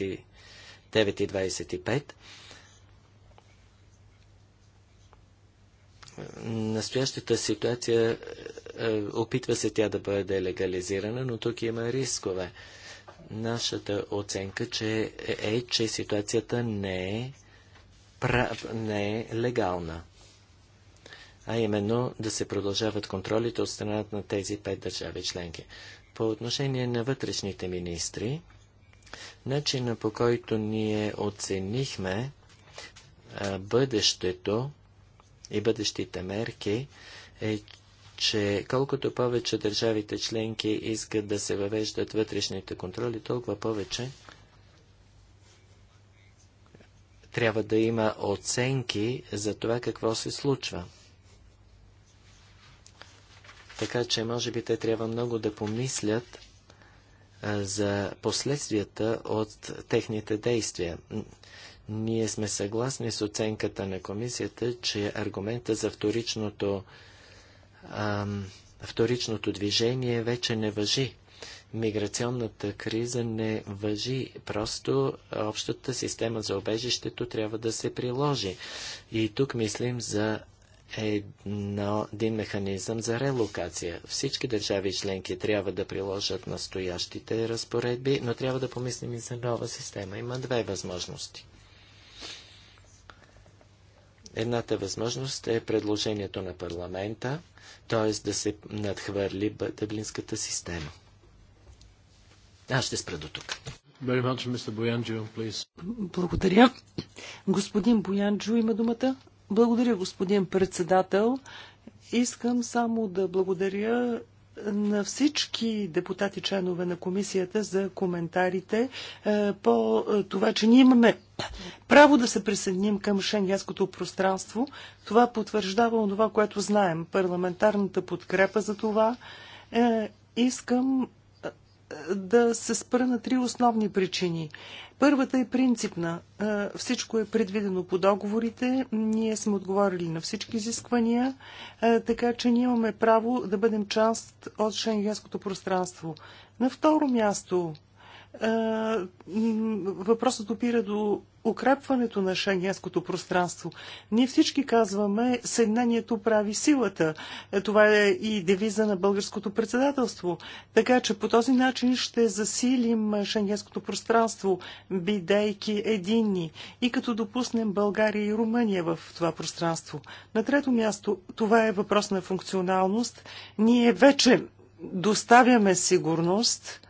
и 25. настоящата ситуация опитва се тя да бъде легализирана, но тук има рискове. Нашата оценка че е, е, че ситуацията не е, прав, не е легална. А именно да се продължават контролите от страната на тези пет държави членки. По отношение на вътрешните министри, начина по който ние оценихме а, бъдещето и бъдещите мерки е, че колкото повече държавите членки искат да се въвеждат вътрешните контроли, толкова повече трябва да има оценки за това какво се случва. Така че, може би, те трябва много да помислят за последствията от техните действия. Ние сме съгласни с оценката на комисията, че аргумента за вторичното а, вторичното движение вече не въжи. Миграционната криза не въжи. Просто общата система за обежището трябва да се приложи. И тук мислим за едно, един механизъм за релокация. Всички държави членки трябва да приложат настоящите разпоредби, но трябва да помислим и за нова система. Има две възможности. Едната възможност е предложението на парламента – т.е. да се надхвърли дъблинската система. Аз ще спра до тук. Благодаря. Господин Боянджо има думата. Благодаря, господин председател. Искам само да благодаря на всички депутати, членове на комисията за коментарите е, по това, че ние имаме право да се присъединим към шенгенското пространство. Това потвърждава това, което знаем. Парламентарната подкрепа за това. Е, искам е, да се спра на три основни причини. Първата е принципна. Всичко е предвидено по договорите. Ние сме отговорили на всички изисквания, така че ние имаме право да бъдем част от шенгенското пространство. На второ място въпросът опира до укрепването на шенгенското пространство. Ние всички казваме, съединението прави силата. Е, това е и девиза на българското председателство. Така че по този начин ще засилим шенгенското пространство, бидейки единни и като допуснем България и Румъния в това пространство. На трето място, това е въпрос на функционалност. Ние вече доставяме сигурност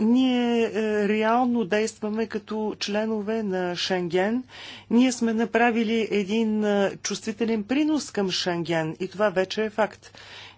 ние е, реално действаме като членове на Шенген. Ние сме направили един е, чувствителен принос към Шенген и това вече е факт.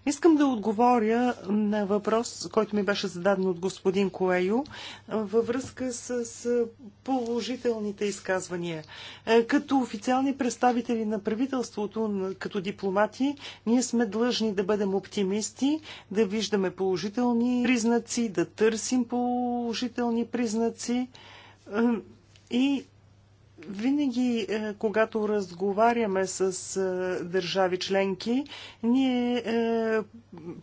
Искам да отговоря на въпрос, който ми беше зададен от господин Коею във връзка с положителните изказвания. Е, като официални представители на правителството, като дипломати, ние сме длъжни да бъдем оптимисти, да виждаме положителни признаци, да търсим положителни признаци е, и винаги, е, когато разговаряме с е, държави членки, ние е,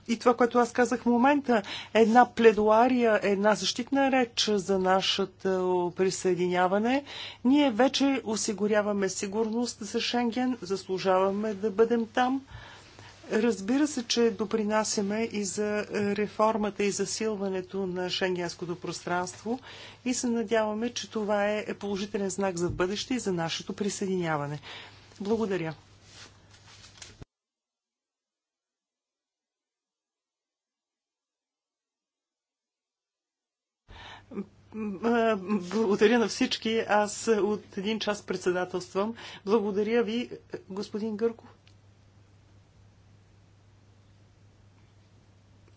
и това, което аз казах в момента, една пледуария, една защитна реч за нашето присъединяване, ние вече осигуряваме сигурност за Шенген, заслужаваме да бъдем там. Разбира се, че допринасяме и за реформата и засилването на шенгенското пространство и се надяваме, че това е положителен знак за бъдеще и за нашето присъединяване. Благодаря. Благодаря на всички. Аз от един час председателствам. Благодаря ви, господин Гърков.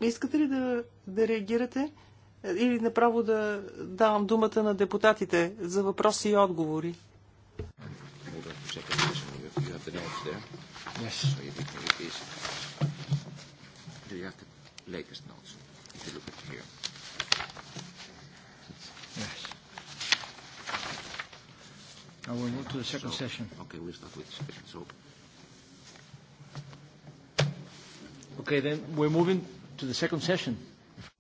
Искате ли да, да реагирате или направо да давам думата на депутатите за въпроси и отговори? I will move to the second so, session. Okay, we'll start with the session. So. Okay, then we're moving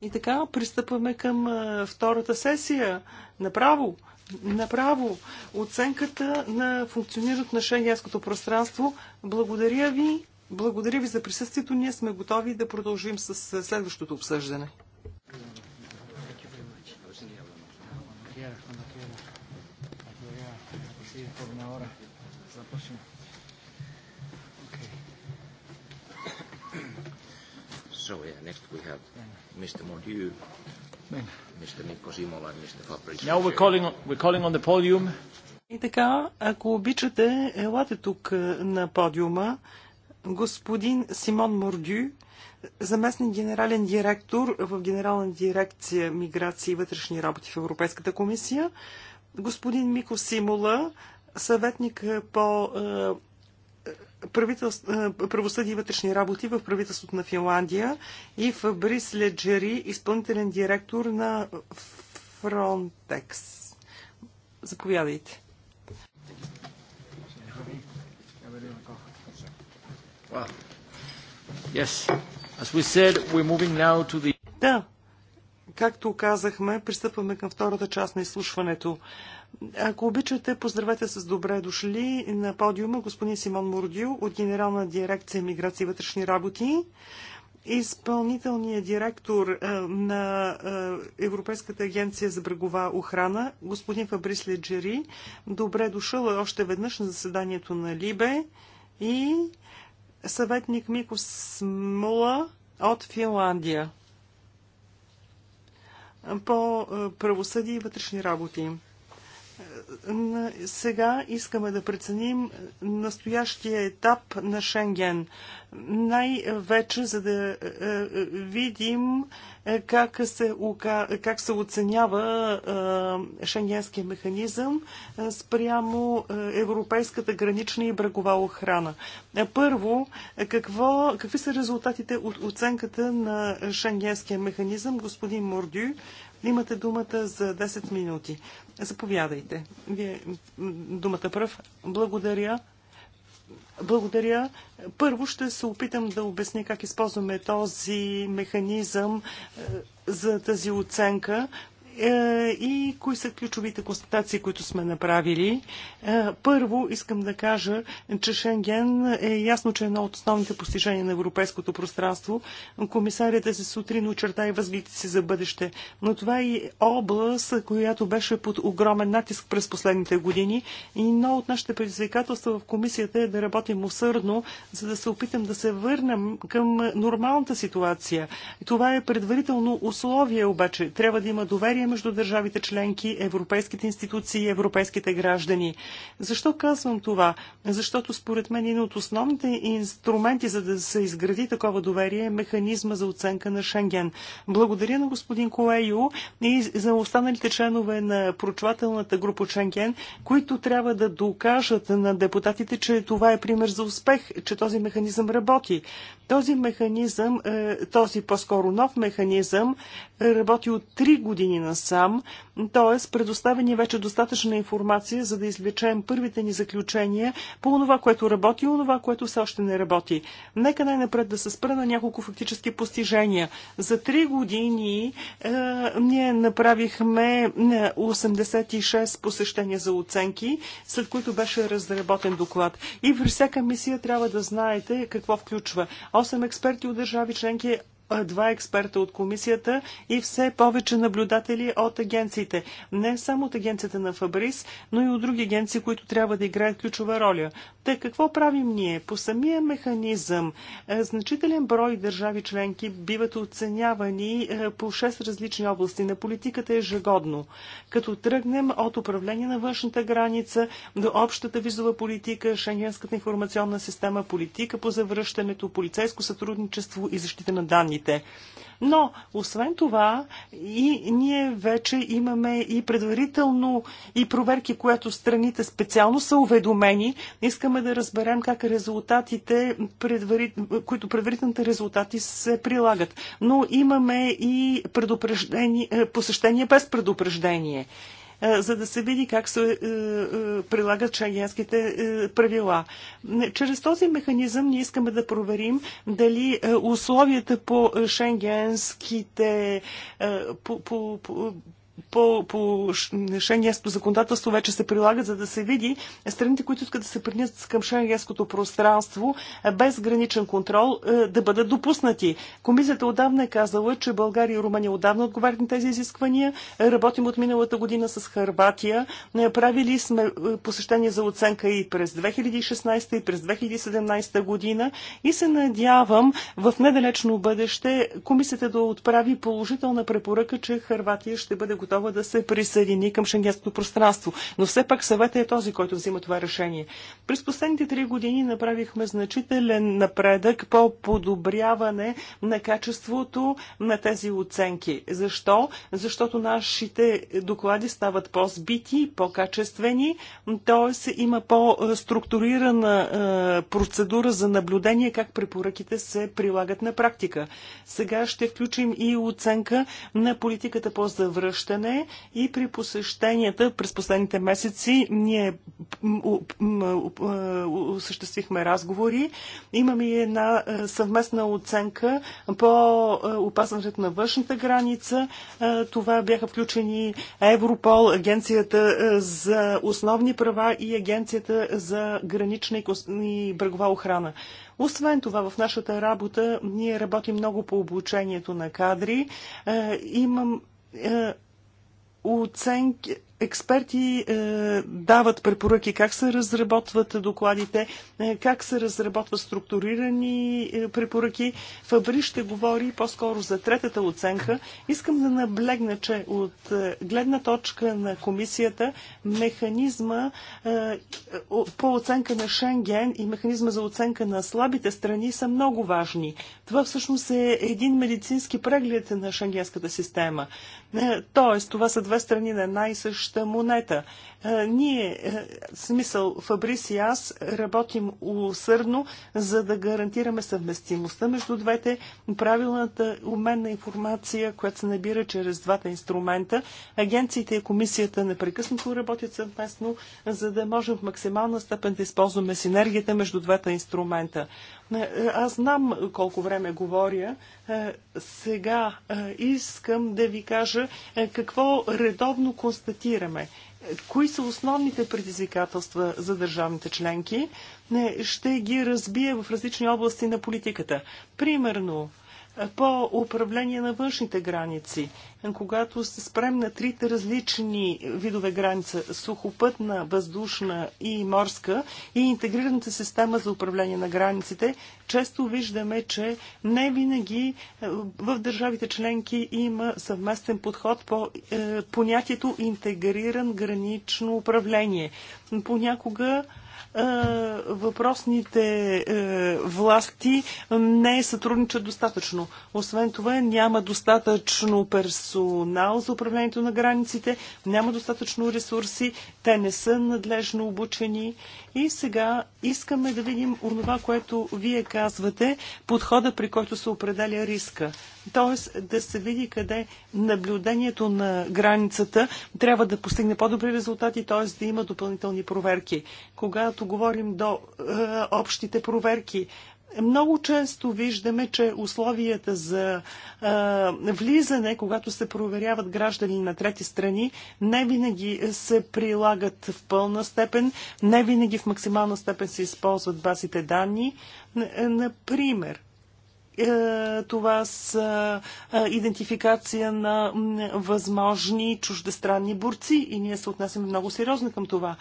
и така, пристъпваме към втората сесия. Направо, направо. Оценката на функционирането на шенгенското пространство. Благодаря ви. Благодаря ви за присъствието. Ние сме готови да продължим с следващото обсъждане. la próxima. So yeah, next we have Mr. Mordieu, Mr. Mikko Simola and Mr. Fabrice. Now we're calling on, we're calling on the podium. И така, ако обичате, елате тук е, на подиума. Господин Симон Мордю, заместник генерален директор в Генерална дирекция Миграция и вътрешни работи в Европейската комисия. Господин Мико Симола, съветник по е, е, правосъдие и вътрешни работи в правителството на Финландия и Фабрис Леджери, изпълнителен директор на Frontex. Заповядайте. Да, както казахме, пристъпваме към втората част на изслушването. Ако обичате, поздравете с добре дошли на подиума господин Симон Мордил от Генерална дирекция Миграция и вътрешни работи изпълнителният директор е, на е, Европейската агенция за брегова охрана, господин Фабрис Леджери. Добре дошъл още веднъж на заседанието на Либе и съветник Мико Смула от Финландия по е, правосъдие и вътрешни работи. Сега искаме да преценим настоящия етап на Шенген. Най-вече, за да е, е, видим е, как се, как се оценява шенгенския механизъм спрямо европейската гранична и брегова охрана. Първо, какво, какви са резултатите от оценката на шенгенския механизъм, господин Мордю? Имате думата за 10 минути. Заповядайте. Вие думата пръв. Благодаря. Благодаря. Първо ще се опитам да обясня как използваме този механизъм е, за тази оценка. Е, и кои са ключовите констатации, които сме направили. Е, първо искам да кажа, че Шенген е ясно, че е едно от основните постижения на европейското пространство. Комисарията се сутрин очерта и възгледите си за бъдеще. Но това е и област, която беше под огромен натиск през последните години. И едно от нашите предизвикателства в комисията е да работим усърдно, за да се опитам да се върнем към нормалната ситуация. Това е предварително условие, обаче. Трябва да има доверие между държавите членки, европейските институции и европейските граждани. Защо казвам това? Защото според мен един от основните инструменти за да се изгради такова доверие е механизма за оценка на Шенген. Благодаря на господин Коейо и за останалите членове на прочвателната група Шенген, които трябва да докажат на депутатите, че това е пример за успех, че този механизъм работи. Този механизъм, е, този по-скоро нов механизъм, е, работи от 3 години насам, т.е. предоставя ни вече достатъчна информация, за да извлечем първите ни заключения по това, което работи и това, което все още не работи. Нека най-напред да се спра на няколко фактически постижения. За 3 години е, ние направихме 86 е, посещения за оценки, след които беше разработен доклад. И при всяка мисия трябва да знаете какво включва 8 експерти от държави членки, два експерта от комисията и все повече наблюдатели от агенциите. Не само от агенцията на Фабрис, но и от други агенции, които трябва да играят ключова роля. Те какво правим ние? По самия механизъм е, значителен брой държави членки биват оценявани е, по 6 различни области на политиката ежегодно. Като тръгнем от управление на външната граница до общата визова политика, Шенгенската информационна система, политика по завръщането, полицейско сътрудничество и защита на данните ресурсите. Но, освен това, и ние вече имаме и предварително и проверки, което страните специално са уведомени. Искаме да разберем как резултатите, предварит... които предварителните резултати се прилагат. Но имаме и предупреждени... Е, посещения без предупреждение. Е, за да се види как се е, е, прилагат шенгенските правила. Чрез този механизъм ние искаме да проверим дали условията по шенгенските по, по, по, по, по шенгенското законодателство вече се прилагат, за да се види страните, които искат да се принесат към шенгенското пространство без граничен контрол, да бъдат допуснати. Комисията отдавна е казала, че България и Румъния отдавна отговарят на тези изисквания. Работим от миналата година с Харватия. Е, правили сме е, посещение за оценка и през 2016 и през 2017 година и се надявам в недалечно бъдеще комисията да отправи положителна препоръка, че Харватия ще бъде готова готова да се присъедини към шенгенското пространство. Но все пак съвета е този, който взима това решение. През последните три години направихме значителен напредък по подобряване на качеството на тези оценки. Защо? Защото нашите доклади стават по-сбити, по-качествени, т.е. има по-структурирана е, процедура за наблюдение как препоръките се прилагат на практика. Сега ще включим и оценка на политиката по завръщане обсъждане и при посещенията през последните месеци ние осъществихме разговори. Имаме и една е, съвместна оценка по е, опазването на външната граница. Е, това бяха включени Европол, Агенцията за основни права и Агенцията за гранична и брегова охрана. Освен това, в нашата работа ние работим много по обучението на кадри. Имам оценки, експерти е, дават препоръки как се разработват докладите, е, как се разработват структурирани е, препоръки. Фабри ще говори по-скоро за третата оценка. Искам да наблегна, че от е, гледна точка на комисията механизма е, по оценка на Шенген и механизма за оценка на слабите страни са много важни. Това всъщност е един медицински преглед на шенгенската система. Е, тоест, това са две страни на една и съща обща монета. Е, ние, е, смисъл Фабрис и аз, работим усърдно, за да гарантираме съвместимостта между двете, правилната обмен на информация, която се набира чрез двата инструмента. Агенциите и комисията непрекъснато работят съвместно, за да можем в максимална степен да използваме синергията между двата инструмента. Е, аз знам колко време говоря. Е, сега е, искам да ви кажа какво редовно констатираме. Кои са основните предизвикателства за държавните членки? Ще ги разбия в различни области на политиката. Примерно, по управление на външните граници. Когато се спрем на трите различни видове граница сухопътна, въздушна и морска и интегрираната система за управление на границите, често виждаме, че не винаги е, в държавите членки има съвместен подход по е, понятието интегриран гранично управление. Понякога е, въпросните е, власти не сътрудничат достатъчно. Освен това, няма достатъчно персонал за управлението на границите, няма достатъчно ресурси, те не са надлежно обучени. И сега искаме да видим онова, което вие казвате, подхода при който се определя риска. Тоест да се види къде наблюдението на границата трябва да постигне по-добри резултати, т.е. да има допълнителни проверки. Когато говорим до е, общите проверки, много често виждаме, че условията за а, влизане, когато се проверяват граждани на трети страни, не винаги се прилагат в пълна степен, не винаги в максимална степен се използват базите данни. Е, например, е, това с е, идентификация на възможни чуждестранни борци и ние се отнасяме много сериозно към това.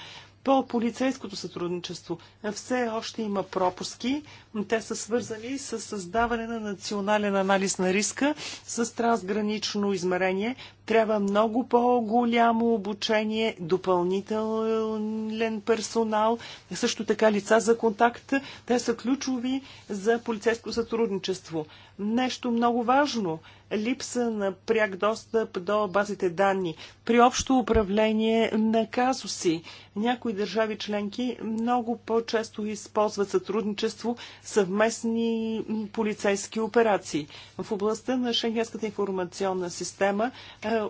По полицейското сътрудничество все още има пропуски. Те са свързани с създаване на национален анализ на риска с трансгранично измерение. Трябва много по-голямо обучение, допълнителен персонал, също така лица за контакт. Те са ключови за полицейско сътрудничество. Нещо много важно липса на пряк достъп до базите данни. При общо управление на казуси някои държави членки много по-често използват сътрудничество съвместни полицейски операции. В областта на Шенгенската информационна система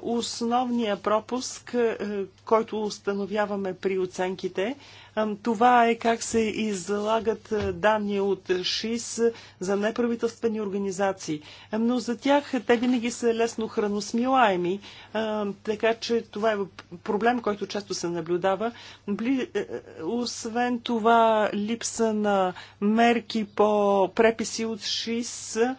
основния пропуск, е, който установяваме при оценките. Това е как се излагат е, данни от ШИС за неправителствени организации. Но за тях те винаги са лесно храносмилаеми, така че това е проблем, който често се наблюдава. Е, освен това, липса на мерки по преписи от ШИС –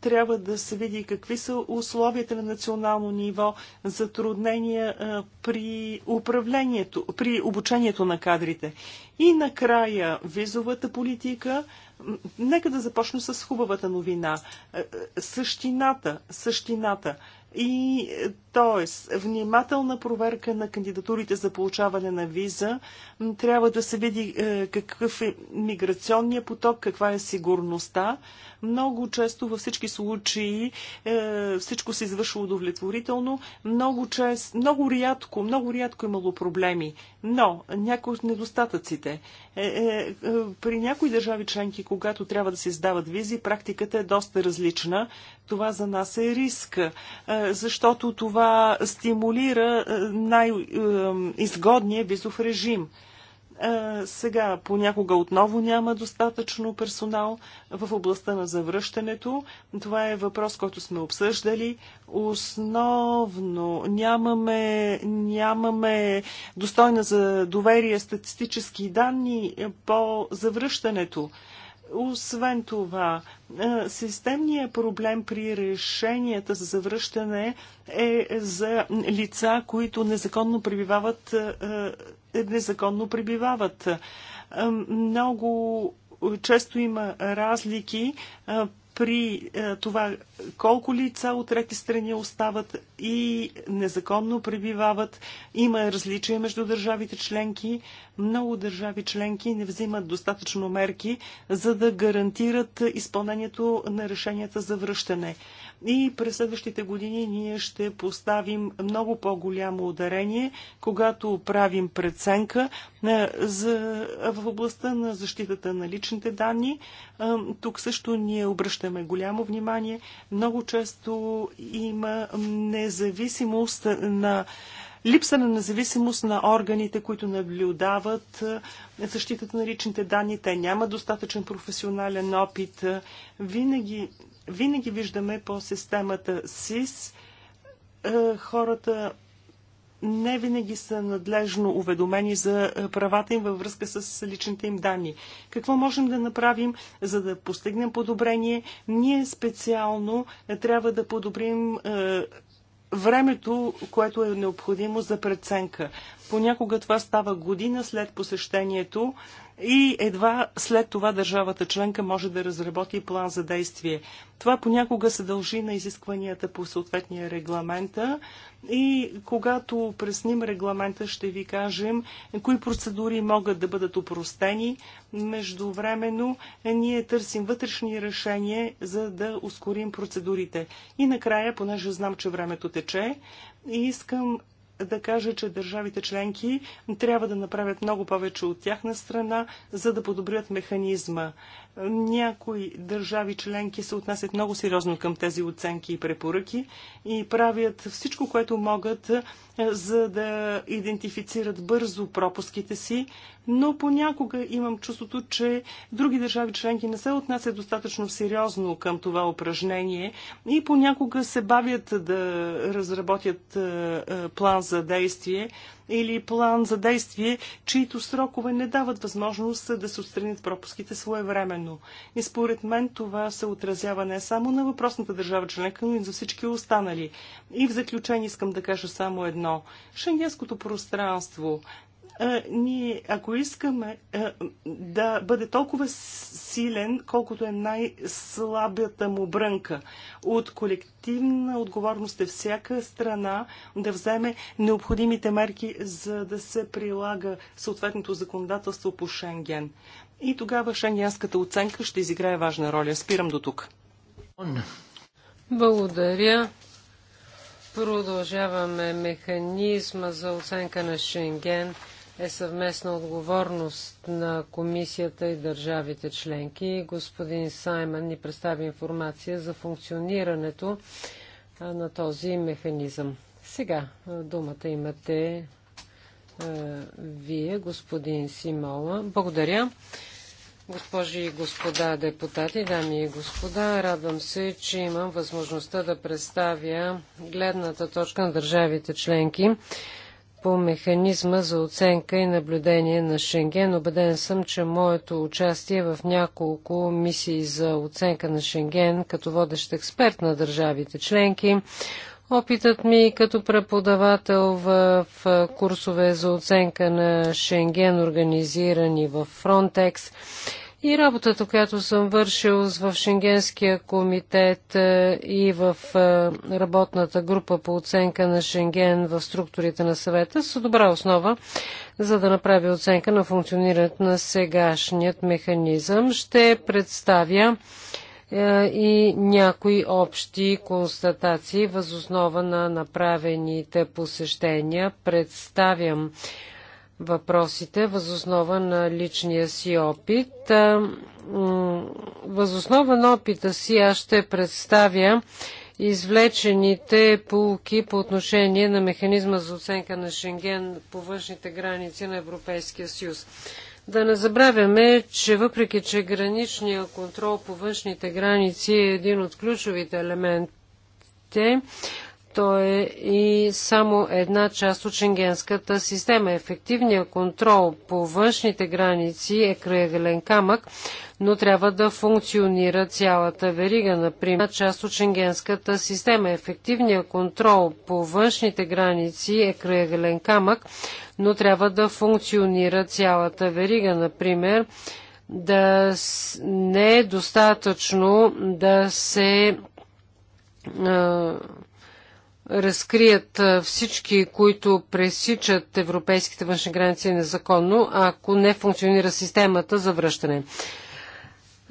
трябва да се види какви са условията на национално ниво, затруднения при управлението, при обучението на кадрите. И накрая визовата политика. Нека да започна с хубавата новина. Същината, същината. И т.е. внимателна проверка на кандидатурите за получаване на виза. Трябва да се види е, какъв е миграционния поток, каква е сигурността. Много често във всички случаи е, всичко се извършва удовлетворително. Много, чест, много рядко, много рядко е имало проблеми. Но някои от недостатъците. Е, е, е, при някои държави членки, когато трябва да се издават визи, практиката е доста различна. Това за нас е риск, е, защото това стимулира е, най-изгодния визов режим. Е, сега понякога отново няма достатъчно персонал в областта на завръщането. Това е въпрос, който сме обсъждали. Основно нямаме, нямаме достойна за доверие статистически данни по завръщането. Освен това, е, системният проблем при решенията за завръщане е за лица, които незаконно пребивават е, незаконно пребивават. Е, много често има разлики е, при е, това колко лица от трети страни остават и незаконно пребивават. Има различия между държавите членки. Много държави членки не взимат достатъчно мерки, за да гарантират изпълнението на решенията за връщане. И през следващите години ние ще поставим много по-голямо ударение, когато правим преценка е, за, в областта на защитата на личните данни. Е, тук също ние обръщаме голямо внимание. Много често има независимост на липса на независимост на органите, които наблюдават е, защитата на личните данни. Те няма достатъчен професионален опит. Винаги винаги виждаме по системата СИС е, хората не винаги са надлежно уведомени за правата им във връзка с личните им данни. Какво можем да направим, за да постигнем подобрение? Ние специално трябва да подобрим е, времето, което е необходимо за преценка. Понякога това става година след посещението и едва след това държавата членка може да разработи план за действие. Това понякога се дължи на изискванията по съответния регламента и когато пресним регламента ще ви кажем кои процедури могат да бъдат упростени. Междувременно ние търсим вътрешни решения, за да ускорим процедурите. И накрая, понеже знам, че времето тече, искам да кажа, че държавите членки трябва да направят много повече от тяхна страна, за да подобрят механизма. Някои държави членки се отнасят много сериозно към тези оценки и препоръки и правят всичко, което могат, е, за да идентифицират бързо пропуските си, но понякога имам чувството, че други държави членки не се отнасят достатъчно сериозно към това упражнение и понякога се бавят да разработят е, е, план за за действие или план за действие, чието срокове не дават възможност да се отстранят пропуските своевременно. И според мен това се отразява не само на въпросната държава членка, но и за всички останали. И в заключение искам да кажа само едно. Шенгенското пространство ние, ако искаме да бъде толкова силен, колкото е най слабята му брънка, от колективна отговорност е всяка страна да вземе необходимите мерки, за да се прилага съответното законодателство по Шенген. И тогава шенгенската оценка ще изиграе важна роля. Спирам до тук. Благодаря. Продължаваме механизма за оценка на Шенген е съвместна отговорност на комисията и държавите членки. Господин Саймън ни представи информация за функционирането на този механизъм. Сега думата имате вие, господин Симола. Благодаря. Госпожи и господа депутати, дами и господа, радвам се, че имам възможността да представя гледната точка на държавите членки по механизма за оценка и наблюдение на Шенген. Обеден съм, че моето участие в няколко мисии за оценка на Шенген като водещ експерт на държавите членки, опитът ми като преподавател в курсове за оценка на Шенген, организирани в Фронтекс, и работата, която съм вършил в Шенгенския комитет е, и в е, работната група по оценка на Шенген в структурите на съвета, са добра основа, за да направя оценка на функционирането на сегашният механизъм. Ще представя е, и някои общи констатации възоснова на направените посещения. Представям въпросите възоснова на личния си опит. Възоснова на опита си аз ще представя извлечените полуки по отношение на механизма за оценка на Шенген по външните граници на Европейския съюз. Да не забравяме, че въпреки, че граничния контрол по външните граници е един от ключовите елементи, то е и само една част от шенгенската система. Ефективният контрол по външните граници е кръгълен камък, но трябва да функционира цялата верига. Например, част от шенгенската система. Ефективният контрол по външните граници е кръгълен камък, но трябва да функционира цялата верига. Например, да не е достатъчно да се разкрият всички, които пресичат европейските външни граници незаконно, ако не функционира системата за връщане.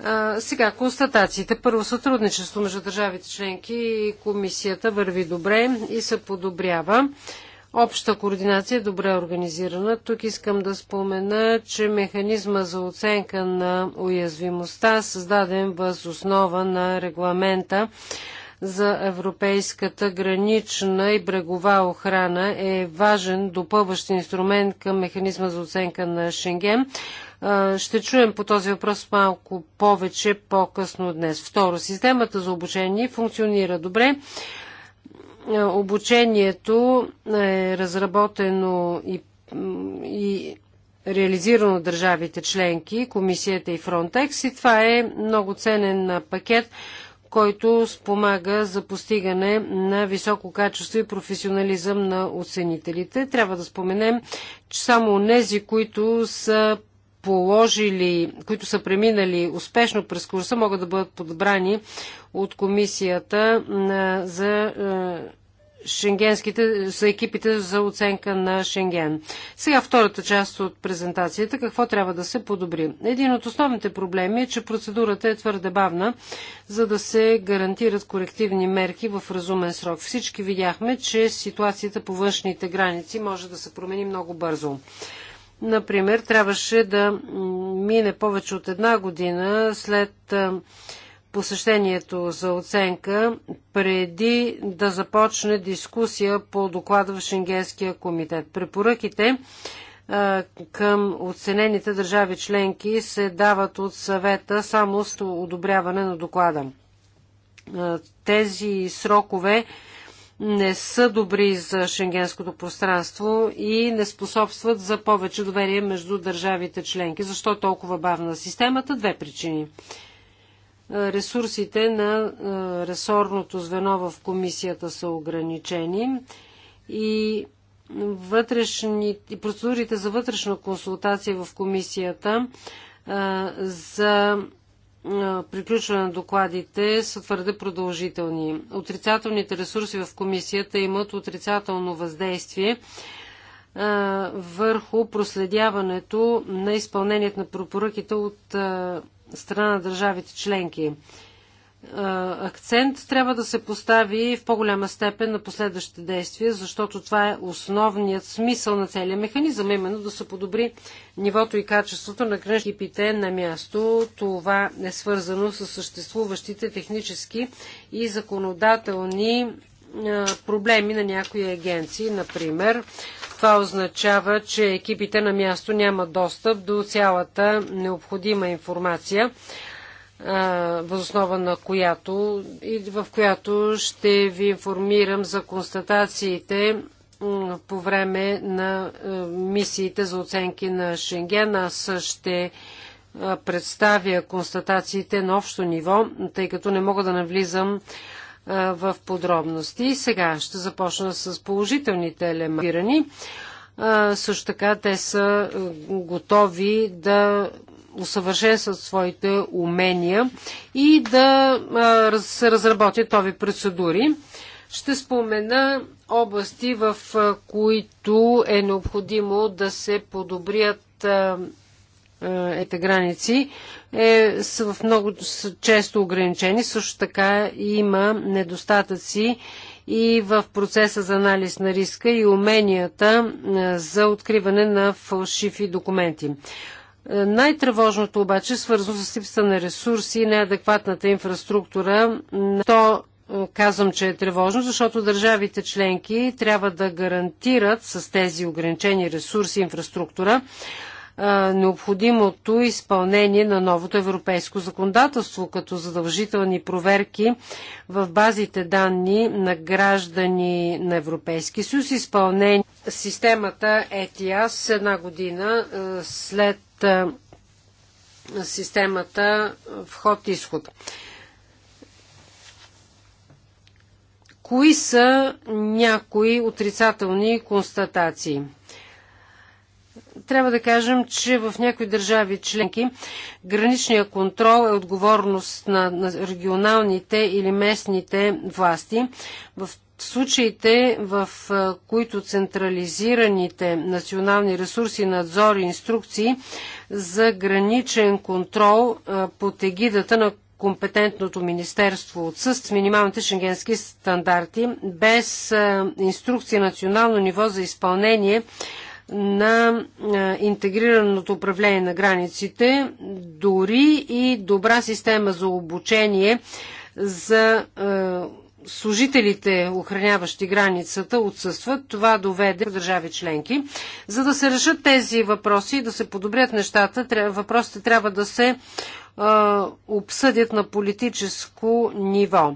А, сега, констатациите. Първо, сътрудничество между държавите членки и комисията върви добре и се подобрява. Обща координация е добре организирана. Тук искам да спомена, че механизма за оценка на уязвимостта създаден въз основа на регламента за европейската гранична и брегова охрана е важен допълващ инструмент към механизма за оценка на Шенген. Ще чуем по този въпрос малко повече по-късно днес. Второ, системата за обучение функционира добре. Обучението е разработено и, и реализирано държавите членки, комисията и Фронтекс и това е много ценен пакет, който спомага за постигане на високо качество и професионализъм на оценителите. Трябва да споменем, че само нези, които са положили, които са преминали успешно през курса, могат да бъдат подбрани от комисията за шенгенските, са екипите за оценка на Шенген. Сега втората част от презентацията, какво трябва да се подобри. Един от основните проблеми е, че процедурата е твърде бавна, за да се гарантират корективни мерки в разумен срок. Всички видяхме, че ситуацията по външните граници може да се промени много бързо. Например, трябваше да мине повече от една година след посещението за оценка преди да започне дискусия по доклада в Шенгенския комитет. Препоръките към оценените държави членки се дават от съвета само с одобряване на доклада. тези срокове не са добри за шенгенското пространство и не способстват за повече доверие между държавите членки. Защо толкова бавна системата? Две причини ресурсите на ресорното звено в комисията са ограничени и вътрешни, процедурите за вътрешна консултация в комисията за приключване на докладите са твърде продължителни. Отрицателните ресурси в комисията имат отрицателно въздействие върху проследяването на изпълнението на препоръките от страна на държавите членки. Е, акцент трябва да се постави в по-голяма степен на последващите действия, защото това е основният смисъл на целия механизъм, именно да се подобри нивото и качеството на екипите на място. Това е свързано с съществуващите технически и законодателни проблеми на някои агенции. Например, това означава, че екипите на място нямат достъп до цялата необходима информация, възоснова на която и в която ще ви информирам за констатациите по време на мисиите за оценки на Шенген. Аз ще представя констатациите на общо ниво, тъй като не мога да навлизам в подробности. И сега ще започна с положителните елементи. Също така те са готови да усъвършенстват своите умения и да се разработят нови процедури. Ще спомена области, в които е необходимо да се подобрят е, ете граници е, са в много са често ограничени. Също така има недостатъци и в процеса за анализ на риска и уменията е, за откриване на фалшиви документи. Е, най-тревожното обаче свързано с липса на ресурси и неадекватната инфраструктура. То казвам, че е тревожно, защото държавите членки трябва да гарантират с тези ограничени ресурси инфраструктура необходимото изпълнение на новото европейско законодателство, като задължителни проверки в базите данни на граждани на Европейски съюз, изпълнение системата ETIAS една година след системата вход-изход. Кои са някои отрицателни констатации? трябва да кажем, че в някои държави членки граничния контрол е отговорност на, на регионалните или местните власти. В случаите, в които централизираните национални ресурси, надзори и инструкции за граничен контрол под егидата на компетентното министерство отсъст минималните шенгенски стандарти без инструкции на национално ниво за изпълнение на интегрираното управление на границите, дори и добра система за обучение за служителите, охраняващи границата, отсъстват. Това доведе държави членки. За да се решат тези въпроси и да се подобрят нещата, въпросите трябва да се обсъдят на политическо ниво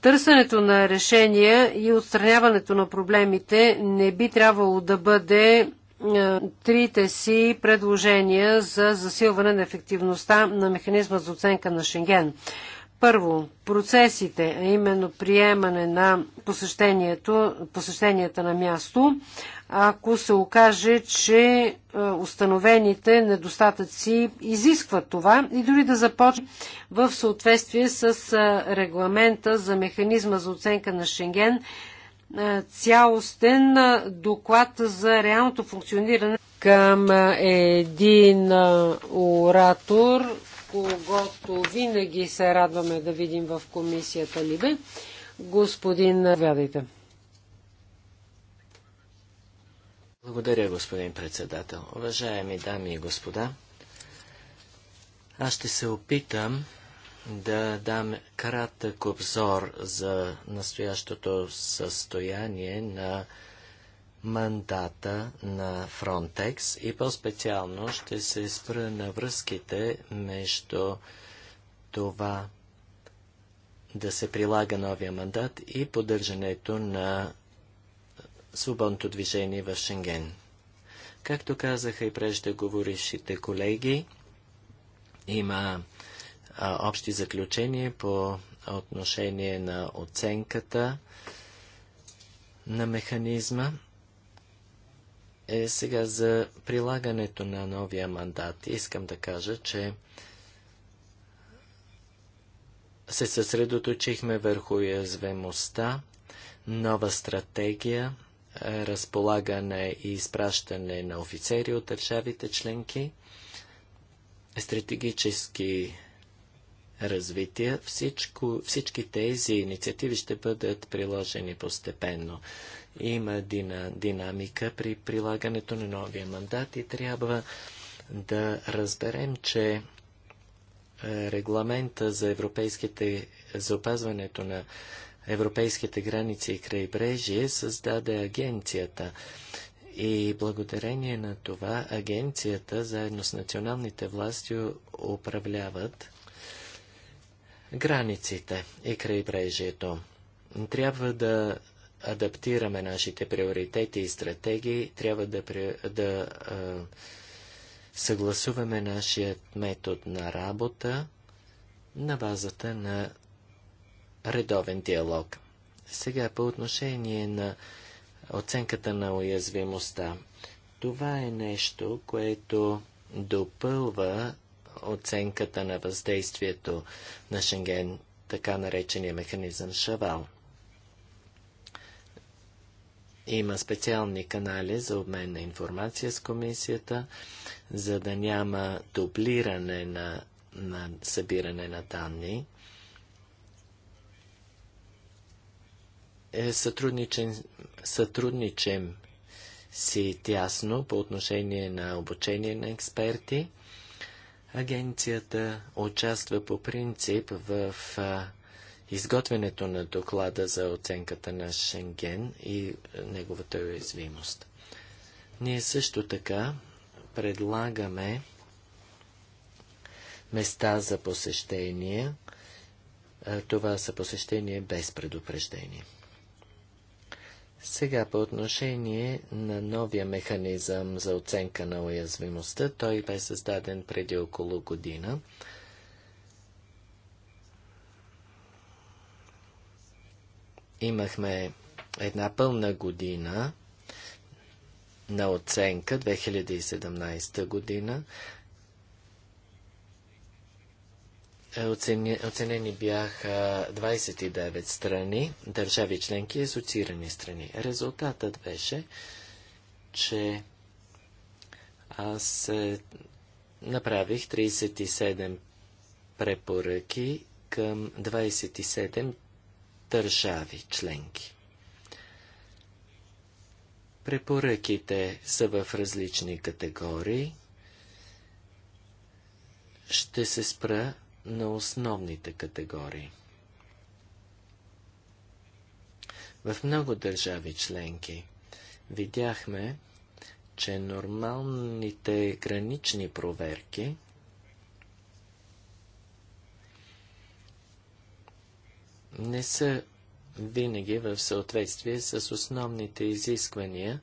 търсенето на решения и отстраняването на проблемите не би трябвало да бъде трите си предложения за засилване на ефективността на механизма за оценка на Шенген. Първо, процесите, а именно приемане на посещението, посещенията на място, ако се окаже, че установените недостатъци изискват това и дори да започне в съответствие с регламента за механизма за оценка на Шенген, цялостен доклад за реалното функциониране към един оратор когото винаги се радваме да видим в комисията Либе. Господин, вядайте. Благодаря, господин председател. Уважаеми дами и господа, аз ще се опитам да дам кратък обзор за настоящото състояние на мандата на Frontex и по-специално ще се спра на връзките между това да се прилага новия мандат и поддържането на свободното движение в Шенген. Както казаха и преждеговорившите колеги, има а, общи заключения по отношение на оценката на механизма е, сега за прилагането на новия мандат искам да кажа, че се съсредоточихме върху язвемостта, нова стратегия, е, разполагане и изпращане на офицери от държавите членки, стратегически развития. Всичко, всички тези инициативи ще бъдат приложени постепенно. Има дина, динамика при прилагането на новия мандат и трябва да разберем, че е, регламента за, европейските, за опазването на европейските граници и крайбрежие създаде агенцията. И благодарение на това агенцията заедно с националните власти управляват границите и крайбрежието. Трябва да адаптираме нашите приоритети и стратегии, трябва да, да а, съгласуваме нашият метод на работа на базата на редовен диалог. Сега по отношение на оценката на уязвимостта. Това е нещо, което допълва оценката на въздействието на Шенген, така наречения механизъм Шавал. Има специални канали за обмен на информация с комисията, за да няма дублиране на, на събиране на данни. Е, сътрудничен, сътрудничен си тясно по отношение на обучение на експерти. Агенцията участва по принцип в а, изготвянето на доклада за оценката на Шенген и е, неговата уязвимост. Ние също така предлагаме места за посещение. Е, това са посещение без предупреждение. Сега по отношение на новия механизъм за оценка на уязвимостта, той бе създаден преди около година. Имахме една пълна година на оценка 2017 година. Е, оцени, оценени бяха 29 страни, държави членки и асоциирани страни. Резултатът беше, че аз е, направих 37 препоръки към 27 държави членки. Препоръките са в различни категории. Ще се спра на основните категории. В много държави членки видяхме, че нормалните гранични проверки не са винаги в съответствие с основните изисквания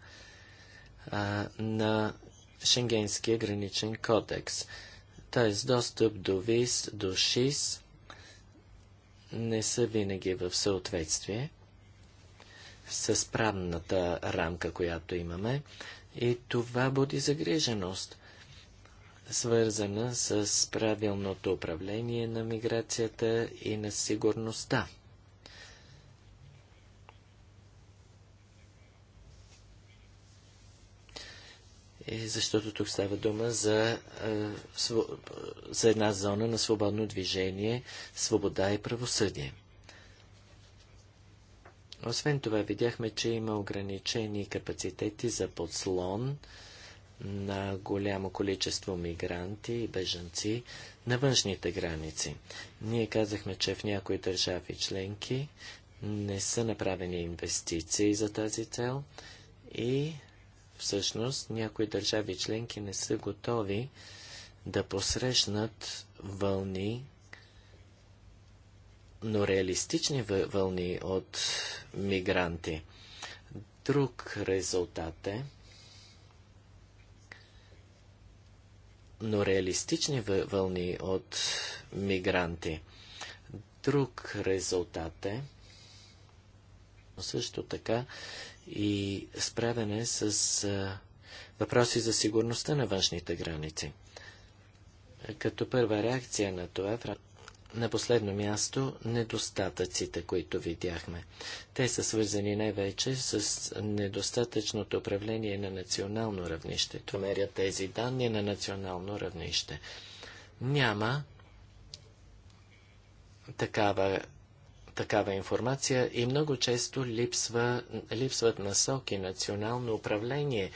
а, на Шенгенския граничен кодекс. Т.е. достъп до ВИС, до ШИС не са винаги в съответствие с правната рамка, която имаме. И това буди загриженост, свързана с правилното управление на миграцията и на сигурността. Е, защото тук става дума за, е, за една зона на свободно движение, свобода и правосъдие. Освен това, видяхме, че има ограничени капацитети за подслон на голямо количество мигранти и бежанци на външните граници. Ние казахме, че в някои държави членки не са направени инвестиции за тази цел и Всъщност, някои държави членки не са готови да посрещнат вълни, но реалистични вълни от мигранти. Друг резултат е, но реалистични вълни от мигранти. Друг резултат е, също така и справяне с а, въпроси за сигурността на външните граници. Като първа реакция на това, на последно място, недостатъците, които видяхме. Те са свързани най-вече с недостатъчното управление на национално равнище. меря тези данни на национално равнище. Няма такава такава информация и много често липсва, липсват насоки, национално управление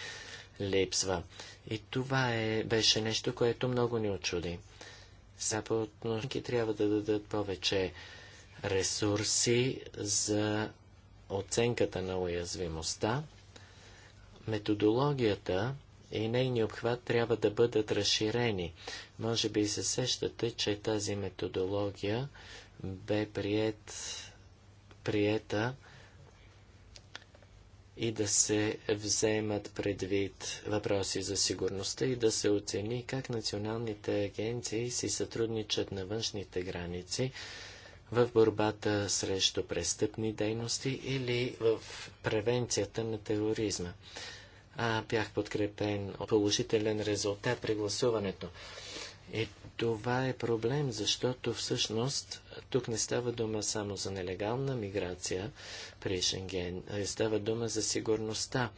липсва. И това е, беше нещо, което много ни очуди. Западношки трябва да дадат повече ресурси за оценката на уязвимостта. Методологията и нейния обхват трябва да бъдат разширени. Може би се сещате, че тази методология бе прият, приета и да се вземат предвид въпроси за сигурността и да се оцени как националните агенции си сътрудничат на външните граници в борбата срещу престъпни дейности или в превенцията на тероризма. А, бях подкрепен положителен резултат при гласуването. Е, това е проблем, защото всъщност тук не става дума само за нелегална миграция при Шенген, става дума за сигурността.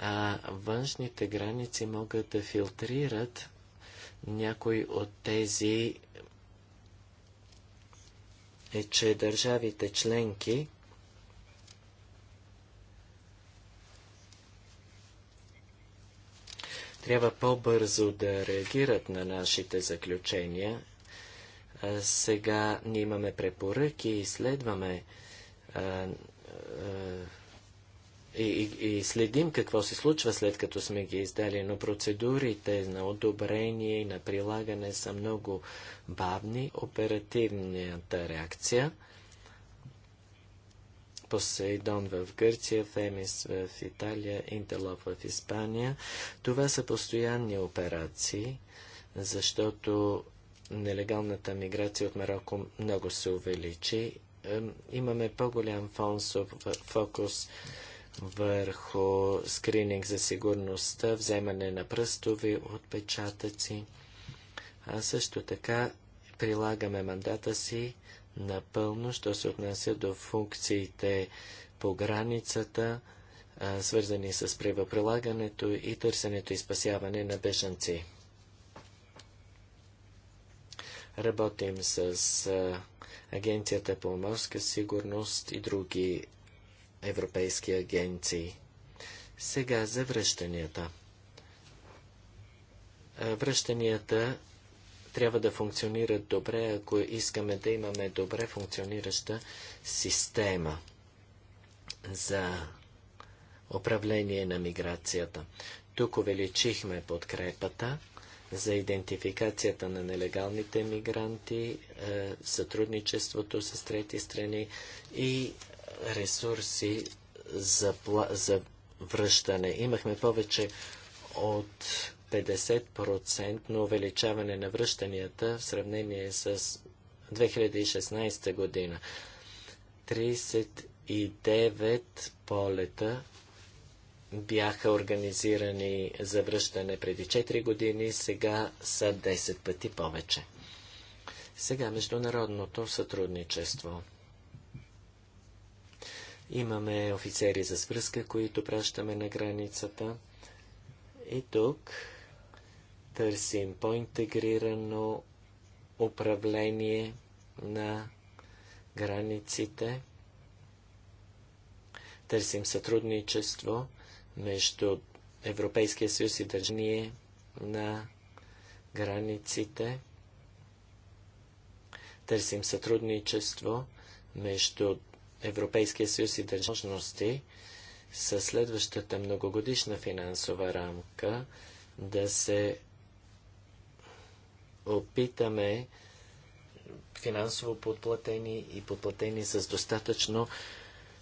А външните граници могат да филтрират някой от тези е, че държавите членки трябва по-бързо да реагират на нашите заключения. А, сега ние имаме препоръки, изследваме а, и, и следим какво се случва след като сме ги издали, но процедурите на одобрение и на прилагане са много бавни. Оперативната реакция Посейдон в Гърция, Фемис в Италия, Интелоп в Испания. Това са постоянни операции, защото нелегалната миграция от Марокко много се увеличи. Имаме по-голям фокус върху скрининг за сигурността, вземане на пръстови отпечатъци. А също така прилагаме мандата си напълно, що се отнася до функциите по границата, свързани с правоприлагането и търсенето и спасяване на бежанци. Работим с Агенцията по морска сигурност и други европейски агенции. Сега за връщанията. Връщанията трябва да функционират добре, ако искаме да имаме добре функционираща система за управление на миграцията. Тук увеличихме подкрепата за идентификацията на нелегалните мигранти, е, сътрудничеството с трети страни и ресурси за, за връщане. Имахме повече от 50% на увеличаване на връщанията в сравнение с 2016 година. 39 полета бяха организирани за връщане преди 4 години, сега са 10 пъти повече. Сега международното сътрудничество. Имаме офицери за свръзка, които пращаме на границата. И тук търсим по-интегрирано управление на границите, търсим сътрудничество между Европейския съюз и държание на границите, търсим сътрудничество между Европейския съюз и държавности със следващата многогодишна финансова рамка да се опитаме финансово подплатени и подплатени с достатъчно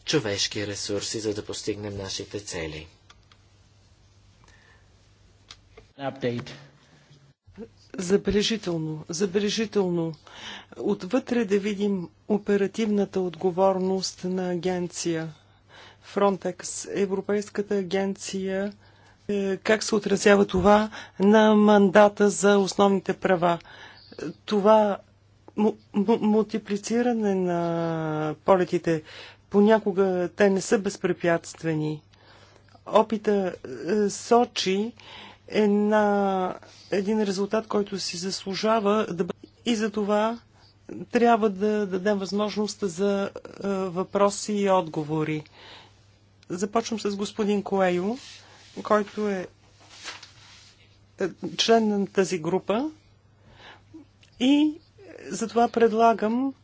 човешки ресурси, за да постигнем нашите цели. Update. Забележително, забележително. Отвътре да видим оперативната отговорност на агенция. Frontex, Европейската агенция е, как се отразява това на мандата за основните права? Това мултиплициране на полетите понякога те не са безпрепятствени. Опита е, сочи е на един резултат, който си заслужава да бъде. И за това трябва да дадем възможност за е, въпроси и отговори. Започвам с господин Коейо който е, е член на тази група и затова предлагам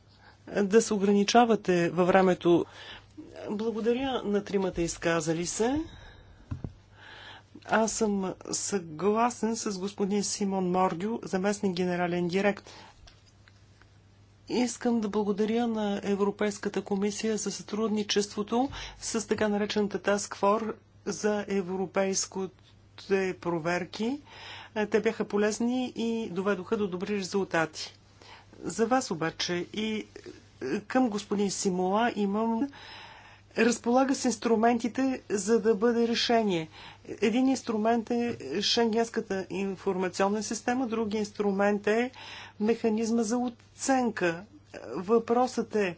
да се ограничавате във времето. Благодаря на тримата изказали се. Аз съм съгласен с господин Симон Мордю, заместник генерален директ. Искам да благодаря на Европейската комисия за сътрудничеството с така наречената Task за европейските проверки. Е, те бяха полезни и доведоха до добри резултати. За вас обаче и е, към господин Симола имам разполага с инструментите, за да бъде решение. Един инструмент е Шенгенската информационна система, други инструмент е механизма за оценка. Въпросът е,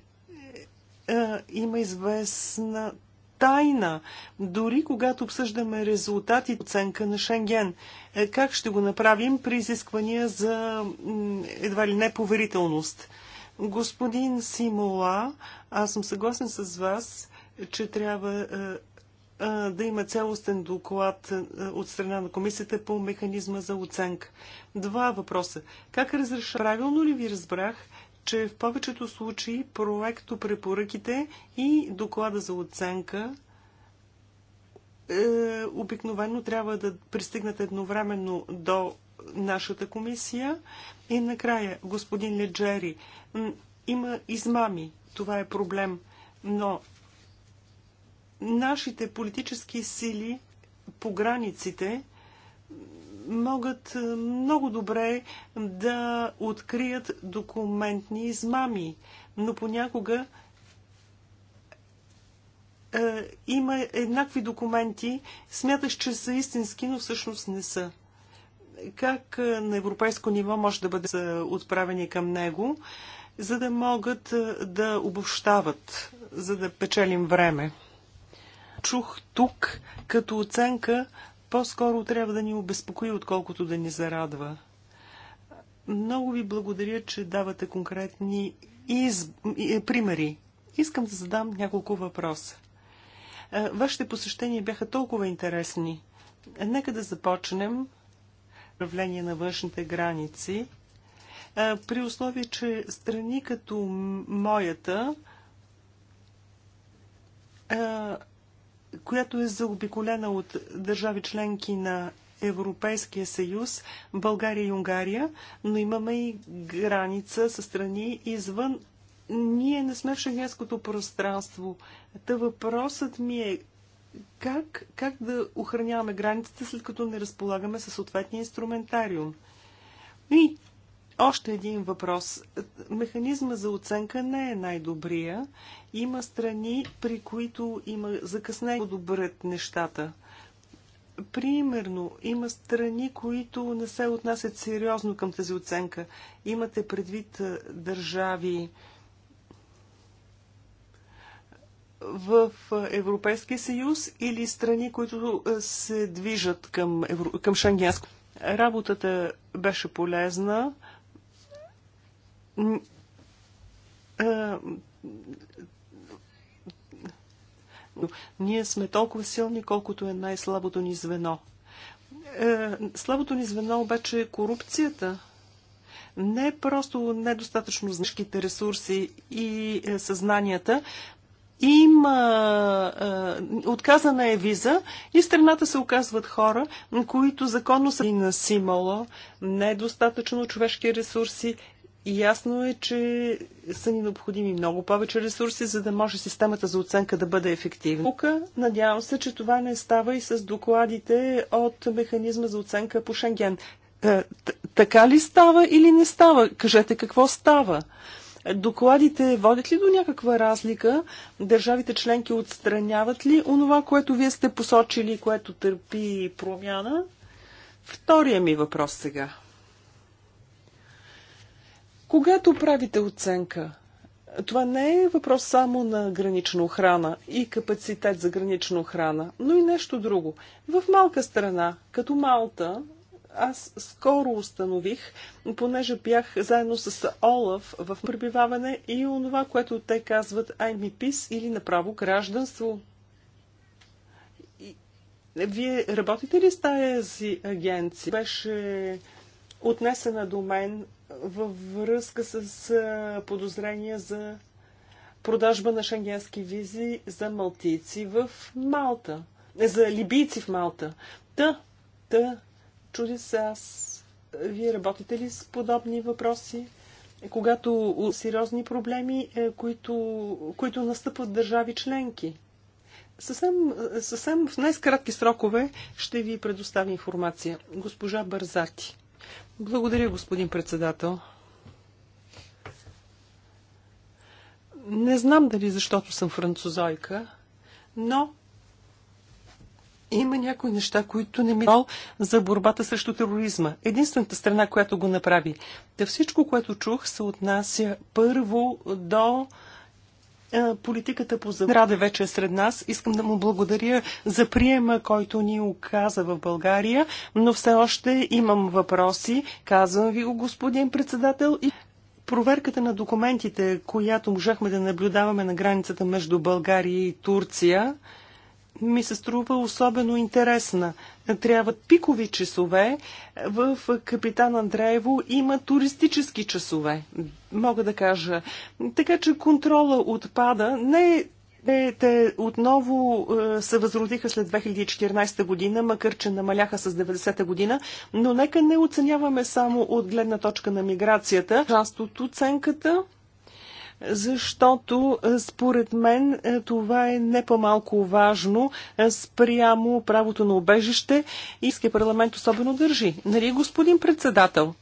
е има известна тайна, дори когато обсъждаме резултати оценка на Шенген. Е, как ще го направим при изисквания за едва ли неповерителност? Господин Симола, аз съм съгласен с вас, че трябва е, е, да има цялостен доклад от страна на комисията по механизма за оценка. Два въпроса. Как разреша? Правилно ли ви разбрах, че в повечето случаи проекто препоръките и доклада за оценка е, обикновено трябва да пристигнат едновременно до нашата комисия. И накрая, господин Леджери, има измами. Това е проблем. Но нашите политически сили по границите могат е, много добре да открият документни измами, но понякога е, има еднакви документи, смяташ, че са истински, но всъщност не са. Как е, на европейско ниво може да бъде отправени към него, за да могат е, да обобщават, за да печелим време? Чух тук като оценка по-скоро трябва да ни обезпокои, отколкото да ни зарадва. Много ви благодаря, че давате конкретни из... примери. Искам да задам няколко въпроса. Е, вашите посещения бяха толкова интересни. Нека да започнем управление на външните граници, е, при условие, че страни като моята е, която е заобиколена от държави членки на Европейския съюз, България и Унгария, но имаме и граница с страни извън. Ние не сме в шенгенското пространство. Та въпросът ми е как, как да охраняваме границата, след като не разполагаме със съответния инструментариум. И още един въпрос. Механизма за оценка не е най-добрия. Има страни, при които има закъснение подобрят нещата. Примерно, има страни, които не се отнасят сериозно към тази оценка. Имате предвид държави в Европейския съюз или страни, които се движат към, Евро... към Шенгенско. Работата беше полезна. Ние сме толкова силни, колкото е най-слабото ни звено. Е, слабото ни звено обаче е корупцията. Не е просто недостатъчно знашките ресурси и е, съзнанията, има, отказана е виза и страната се оказват хора, които законно са и насимало, недостатъчно човешки ресурси, Ясно е, че са ни необходими много повече ресурси, за да може системата за оценка да бъде ефективна. Тук надявам се, че това не става и с докладите от механизма за оценка по Шенген. Е, така ли става или не става? Кажете какво става. Докладите водят ли до някаква разлика? Държавите членки отстраняват ли онова, което вие сте посочили, което търпи промяна? Втория ми въпрос сега. Когато правите оценка, това не е въпрос само на гранична охрана и капацитет за гранична охрана, но и нещо друго. В малка страна, като Малта, аз скоро установих, понеже бях заедно с Олаф в пребиваване и онова, което те казват IMPIS или направо гражданство. Вие работите ли с тази агенция? Беше отнесена до мен във връзка с подозрения за продажба на шенгенски визи за малтийци в Малта. Не, за либийци в Малта. Та, та, чуди се аз. Вие работите ли с подобни въпроси? Когато сериозни проблеми, е, които, които настъпват държави членки. Съвсем, съвсем в най-скратки срокове ще ви предоставя информация. Госпожа Бързати. Благодаря, господин председател. Не знам дали защото съм французойка, но има някои неща, които не ми за борбата срещу тероризма. Единствената страна, която го направи. Да всичко, което чух, се отнася първо до Политиката по здраве вече е сред нас. Искам да му благодаря за приема, който ни оказа в България, но все още имам въпроси. Казвам ви го, господин председател. И проверката на документите, която можахме да наблюдаваме на границата между България и Турция, ми се струва особено интересна трябват пикови часове. В Капитан Андреево има туристически часове, мога да кажа. Така че контрола отпада. Не те, те отново е, се възродиха след 2014 година, макар че намаляха с 90-та година, но нека не оценяваме само от гледна точка на миграцията, част от оценката защото е, според мен е, това е не по-малко важно е, спрямо правото на обежище. иския парламент особено държи. Нали, господин председател?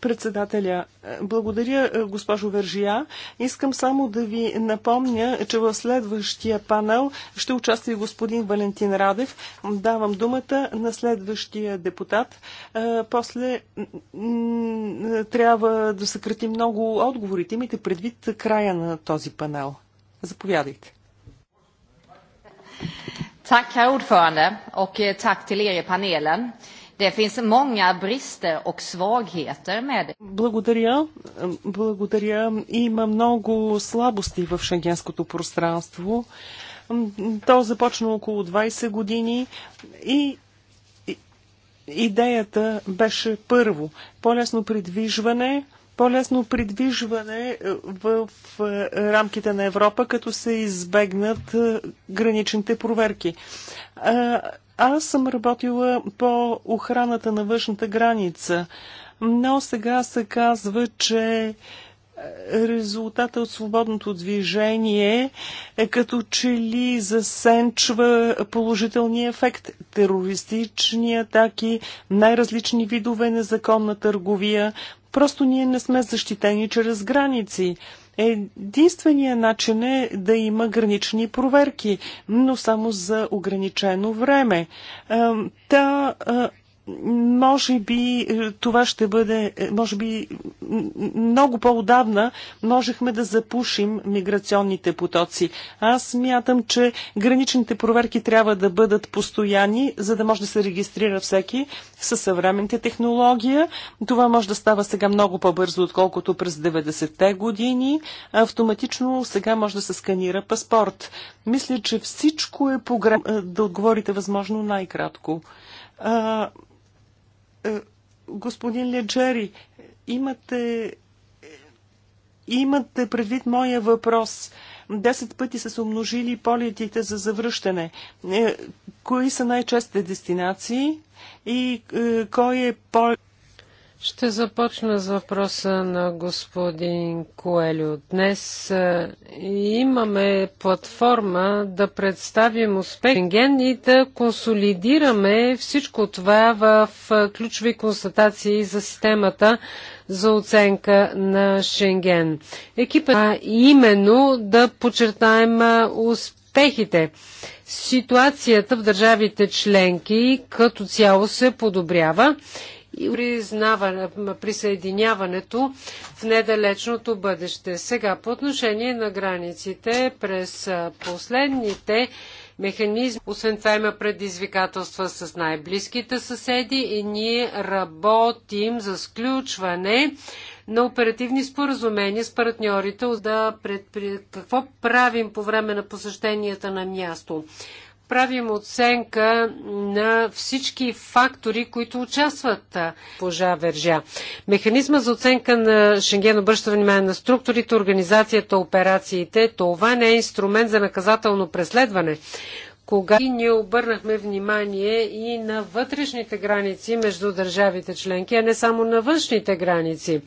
Председателя, благодаря, госпожо Вержия. Искам само да ви напомня, че в следващия панел ще участва и господин Валентин Радев. Давам думата на следващия депутат. Е, после трябва да съкратим много отговорите. Имайте предвид края на този панел. Заповядайте. Tack herr ordförande och eh, tack till er i panelen. Det finns många brister och svagheter med det. Благодаря. Благодаря. Има много слабости в шенгенското пространство. То започна около 20 години и идеята беше първо по-лесно придвижване, по-лесно придвижване в е, рамките на Европа, като се избегнат е, граничните проверки. Е, аз съм работила по охраната на външната граница, но сега се казва, че е, резултата от свободното движение е като че ли засенчва положителния ефект. Терористични атаки, най-различни видове незаконна търговия. Просто ние не сме защитени чрез граници. Единствения начин е да има гранични проверки, но само за ограничено време. Та може би е, това ще бъде, е, може би много по удавна можехме да запушим миграционните потоци. Аз мятам, че граничните проверки трябва да бъдат постоянни, за да може да се регистрира всеки със съвременните технология. Това може да става сега много по-бързо, отколкото през 90-те години. Автоматично сега може да се сканира паспорт. Мисля, че всичко е по е, да отговорите възможно най-кратко. Е, господин Леджери, имате, имате предвид моя въпрос. Десет пъти са се умножили полетите за завръщане. Е, кои са най-честите дестинации и е, кой е по ще започна с въпроса на господин Коелю. Днес имаме платформа да представим успех Шенген и да консолидираме всичко това в ключови констатации за системата за оценка на Шенген. Екипът а именно да подчертаем успехите. Ситуацията в държавите членки като цяло се подобрява присъединяването в недалечното бъдеще. Сега, по отношение на границите, през последните механизми, освен това има предизвикателства с най-близките съседи и ние работим за сключване на оперативни споразумения с партньорите да какво правим по време на посещенията на място правим оценка на всички фактори, които участват пожа Вержа. Механизма за оценка на Шенген обръща внимание на структурите, организацията, операциите. Това не е инструмент за наказателно преследване. Кога и ние обърнахме внимание и на вътрешните граници между държавите членки, а не само на външните граници.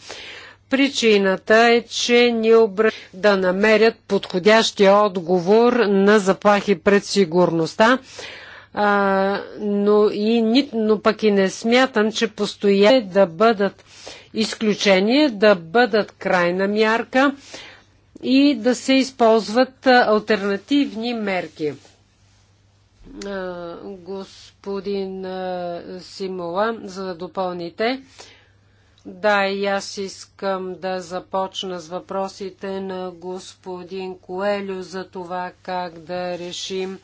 Причината е, че ни обръ... да намерят подходящия отговор на заплахи пред сигурността, а, но, и, ни... но пък и не смятам, че постоянно да бъдат изключение, да бъдат крайна мярка и да се използват альтернативни мерки. Господин Симола, за да допълните, да, и аз искам да започна с въпросите на господин Коелю за това как да решим е,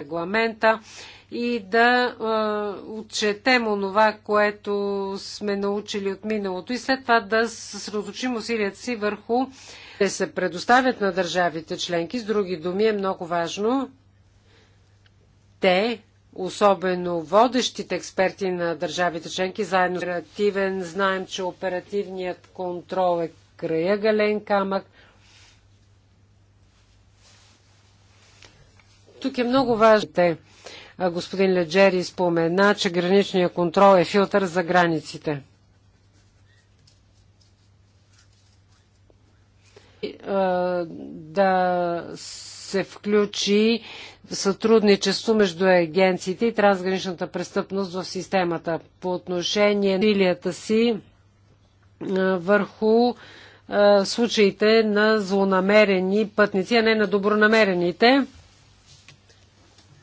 регламента и да е, отчетем онова, което сме научили от миналото и след това да съсредоточим усилията си върху те се предоставят на държавите членки. С други думи е много важно те особено водещите експерти на държавите членки, заедно с оперативен, знаем, че оперативният контрол е края гален камък. Тук е много важно. Господин Леджери спомена, че граничният контрол е филтър за границите. да се включи сътрудничество между агенциите и трансграничната престъпност в системата. По отношение на усилията си върху случаите на злонамерени пътници, а не на добронамерените.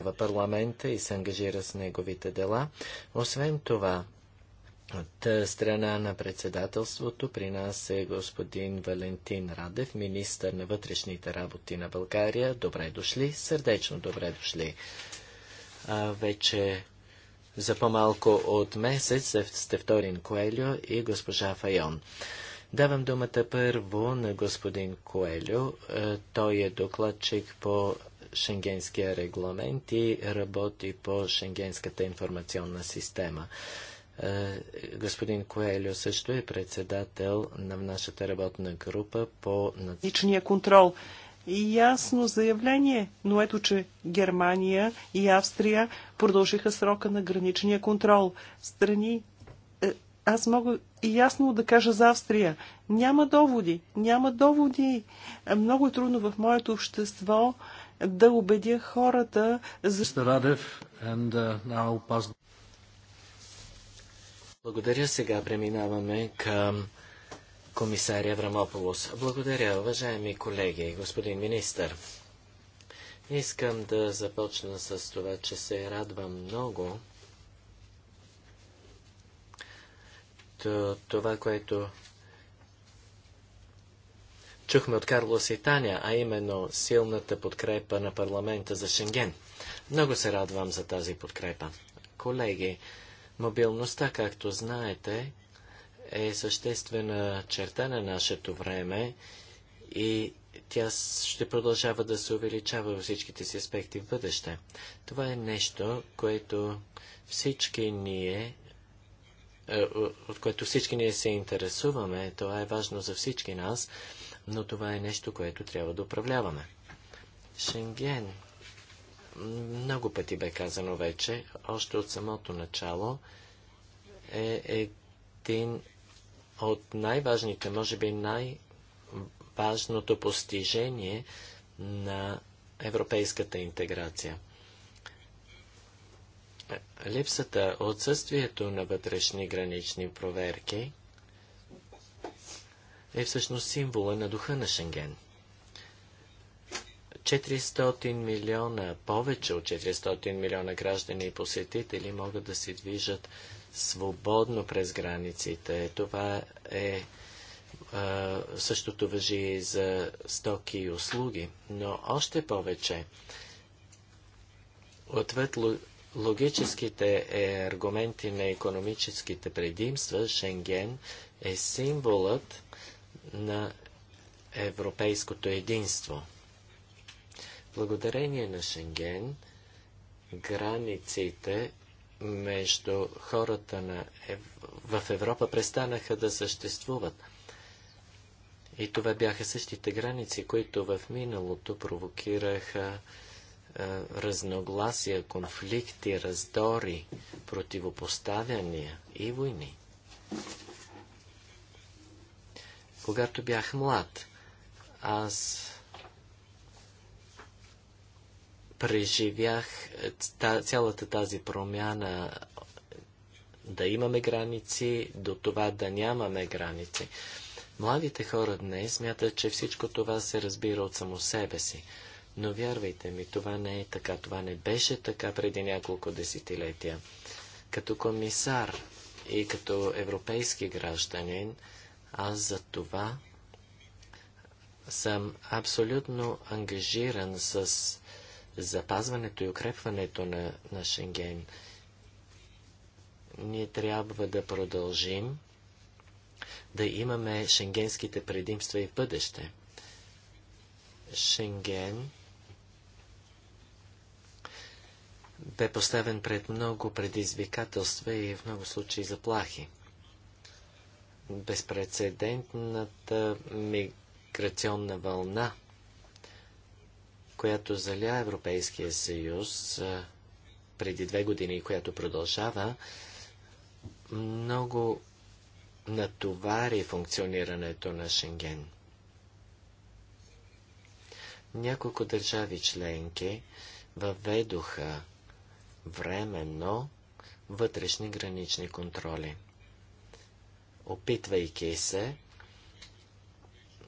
В парламента и се ангажира с неговите дела. Освен това, от е, страна на председателството при нас е господин Валентин Радев, министър на вътрешните работи на България. Добре дошли, сърдечно добре дошли. А, вече за по-малко от месец сте вторин Коелю и госпожа Файон. Давам думата първо на господин Коелю. Е, той е докладчик по Шенгенския регламент и работи по Шенгенската информационна система. Е, господин Коелио също е председател на нашата работна група по националния контрол. Ясно заявление, но ето, че Германия и Австрия продължиха срока на граничния контрол. Страни е, аз мога и ясно да кажа за Австрия. Няма доводи. Няма доводи. Много е трудно в моето общество да убедя хората за... Благодаря. Сега преминаваме към комисаря Врамополос. Благодаря, уважаеми колеги, господин министър. Искам да започна с това, че се радвам много това, което чухме от Карлос и Таня, а именно силната подкрепа на парламента за Шенген. Много се радвам за тази подкрепа. Колеги, Мобилността, както знаете, е съществена черта на нашето време и тя ще продължава да се увеличава във всичките си аспекти в бъдеще. Това е нещо, което всички ние е, от което всички ние се интересуваме, това е важно за всички нас, но това е нещо, което трябва да управляваме. Шенген много пъти бе казано вече, още от самото начало, е един от най-важните, може би най-важното постижение на европейската интеграция. Липсата, отсъствието на вътрешни гранични проверки е всъщност символа на духа на Шенген – 400 милиона, повече от 400 милиона граждани и посетители могат да се движат свободно през границите. Това е същото въжи и за стоки и услуги, но още повече. Отвъд логическите е аргументи на економическите предимства, Шенген е символът на европейското единство. Благодарение на Шенген, границите между хората на Ев... в Европа престанаха да съществуват. И това бяха същите граници, които в миналото провокираха е, разногласия, конфликти, раздори, противопоставяния и войни. Когато бях млад, аз преживях е, цялата тази промяна е, да имаме граници, до това да нямаме граници. Младите хора днес смятат, че всичко това се разбира от само себе си. Но вярвайте ми, това не е така. Това не беше така преди няколко десетилетия. Като комисар и като европейски гражданин, аз за това съм абсолютно ангажиран с запазването и укрепването на, на Шенген. Ние трябва да продължим да имаме шенгенските предимства и бъдеще. Шенген бе поставен пред много предизвикателства и в много случаи заплахи. Безпредседентната миграционна вълна – която заля Европейския съюз преди две години и която продължава, много натовари функционирането на Шенген. Няколко държави членки въведоха временно вътрешни гранични контроли, опитвайки се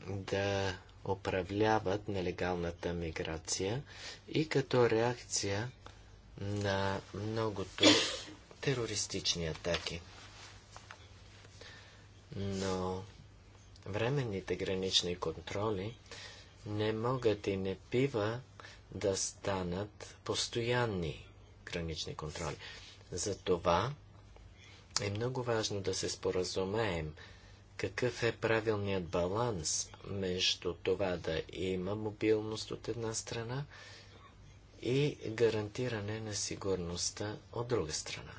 да управляват нелегалната миграция и като реакция на многото терористични атаки. Но временните гранични контроли не могат и не пива да станат постоянни гранични контроли. Затова е много важно да се споразумеем какъв е правилният баланс между това да има мобилност от една страна и гарантиране на сигурността от друга страна.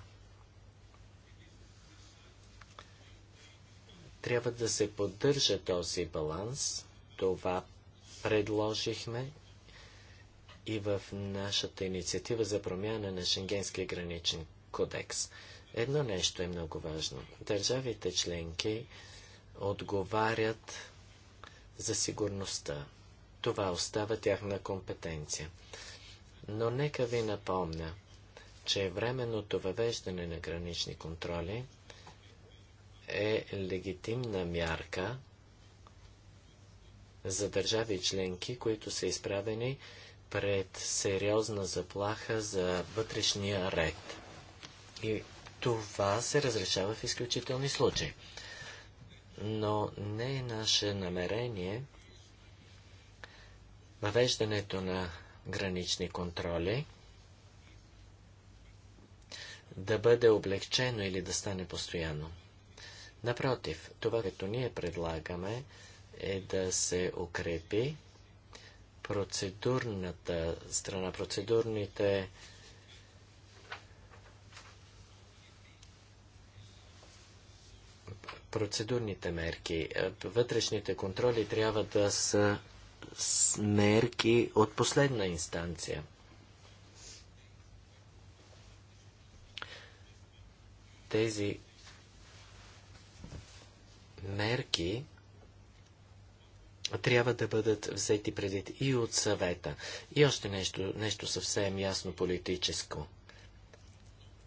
Трябва да се поддържа този баланс. Това предложихме и в нашата инициатива за промяна на Шенгенския граничен кодекс. Едно нещо е много важно. Държавите членки отговарят за сигурността. Това остава тяхна компетенция. Но нека ви напомня, че временното въвеждане на гранични контроли е легитимна мярка за държави членки, които са изправени пред сериозна заплаха за вътрешния ред. И това се разрешава в изключителни случаи но не е наше намерение въвеждането на гранични контроли да бъде облегчено или да стане постоянно. Напротив, това, което ние предлагаме, е да се укрепи процедурната страна, процедурните процедурните мерки. Е, вътрешните контроли трябва да са мерки от последна инстанция. Тези мерки трябва да бъдат взети предвид и от съвета. И още нещо, нещо съвсем ясно политическо.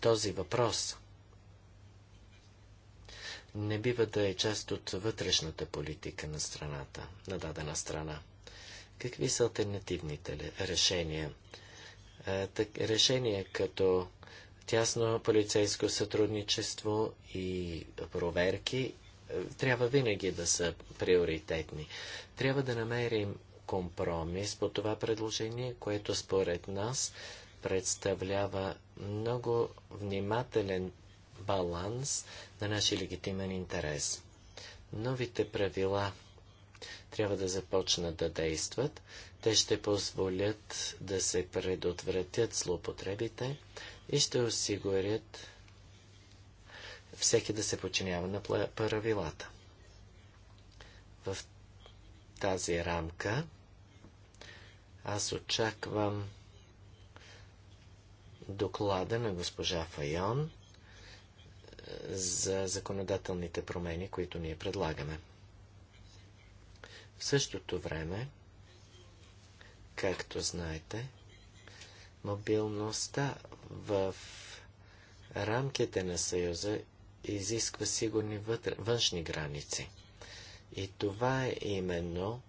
Този въпрос – не бива да е част от вътрешната политика на страната, на дадена страна. Какви са альтернативните решения? Е, решения като тясно полицейско сътрудничество и проверки е, трябва винаги да са приоритетни. Трябва да намерим компромис по това предложение, което според нас представлява много внимателен баланс на нашия легитимен интерес. Новите правила трябва да започнат да действат. Те ще позволят да се предотвратят злоупотребите и ще осигурят всеки да се подчинява на правилата. В тази рамка аз очаквам доклада на госпожа Файон за законодателните промени, които ние предлагаме. В същото време, както знаете, мобилността в рамките на Съюза изисква сигурни вътре, външни граници. И това е именно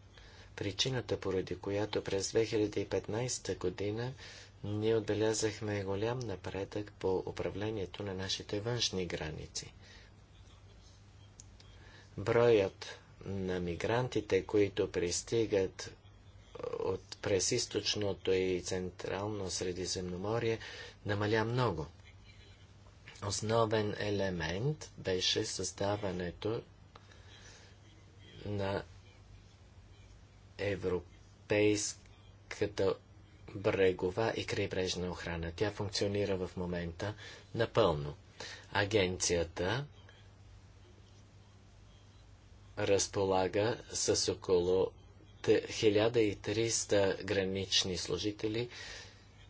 причината, поради която през 2015 година ние отбелязахме голям напредък по управлението на нашите външни граници. Броят на мигрантите, които пристигат от през източното и централно средиземноморие, намаля много. Основен елемент беше създаването на европейската брегова и крайбрежна охрана. Тя функционира в момента напълно. Агенцията разполага с около 1300 гранични служители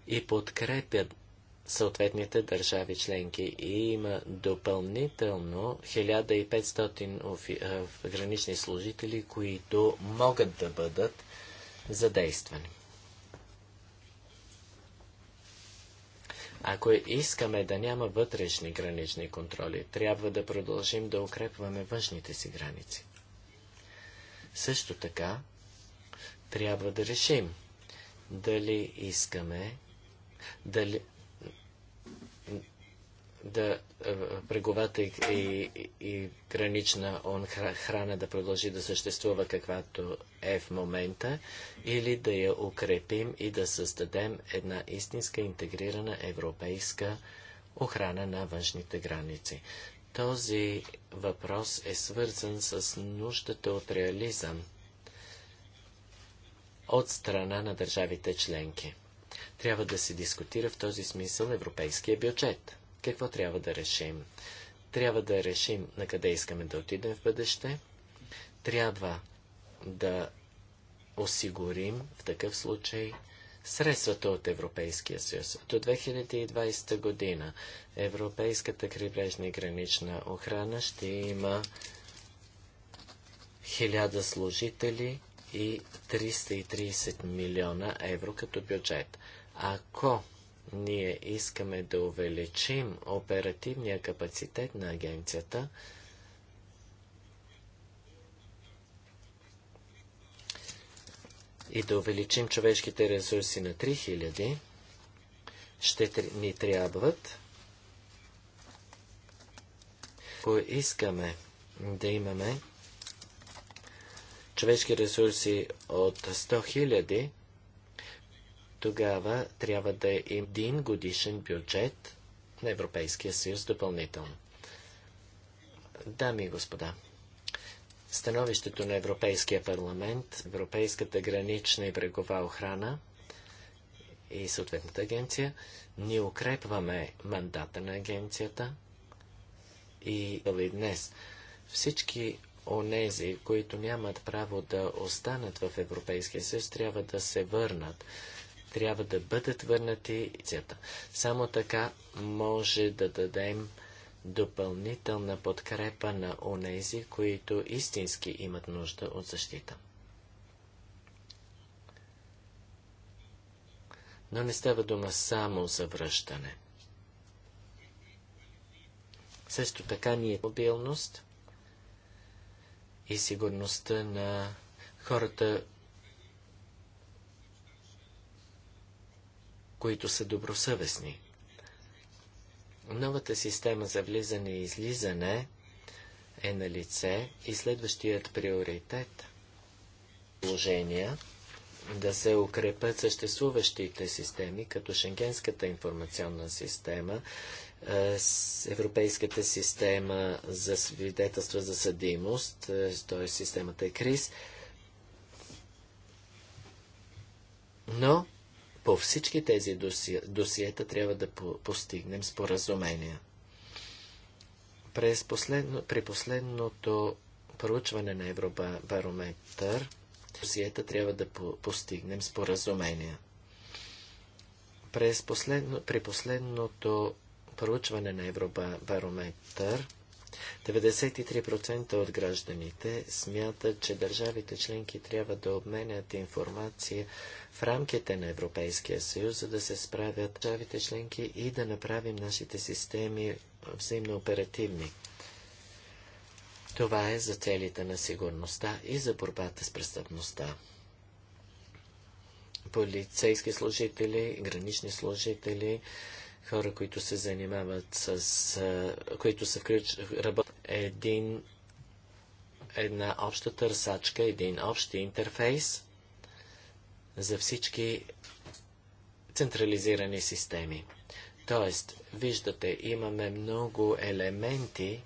и подкрепят съответните държави членки и има допълнително 1500 офи... гранични служители, които могат да бъдат задействани. Ако искаме да няма вътрешни гранични контроли, трябва да продължим да укрепваме външните си граници. Също така, трябва да решим дали искаме дали, да е, бреговата и, и, и гранична храна да продължи да съществува каквато е в момента, или да я укрепим и да създадем една истинска интегрирана европейска охрана на външните граници. Този въпрос е свързан с нуждата от реализъм от страна на държавите членки. Трябва да се дискутира в този смисъл европейския бюджет какво трябва да решим? Трябва да решим на къде искаме да отидем в бъдеще. Трябва да осигурим в такъв случай средствата от Европейския съюз. До 2020 година Европейската крибрежна и гранична охрана ще има 1000 служители и 330 милиона евро като бюджет. Ако ние искаме да увеличим оперативния капацитет на агенцията. И да увеличим човешките ресурси на 3000, ще ни трябват. Поискаме да имаме човешки ресурси от 100 000, тогава трябва да е един годишен бюджет на Европейския съюз допълнително. Дами и господа, становището на Европейския парламент, Европейската гранична и брегова охрана и съответната агенция, ние укрепваме мандата на агенцията и днес всички онези, които нямат право да останат в Европейския съюз, трябва да се върнат трябва да бъдат върнати цията. Само така може да дадем допълнителна подкрепа на онези, които истински имат нужда от защита. Но не става дума само за връщане. Също така ни е мобилност и сигурността на хората, които са добросъвестни. Новата система за влизане и излизане е на лице и следващият приоритет положения да се укрепят съществуващите системи, като Шенгенската информационна система, е, Европейската система за свидетелства за съдимост, е, т.е. системата е КРИС. Но по всички тези досиета трябва да по постигнем споразумения. През последно, при последното проучване на Евробарометър, досиета трябва да по постигнем споразумение. През последно, при последното проучване на Евробарометър, 93% от гражданите смятат, че държавите членки трябва да обменят информация в рамките на Европейския съюз, за да се справят държавите членки и да направим нашите системи взаимно оперативни. Това е за целите на сигурността и за борбата с престъпността. Полицейски служители, гранични служители, хора, които се занимават с... които са включ... работят един... една обща търсачка, един общ интерфейс за всички централизирани системи. Тоест, виждате, имаме много елементи,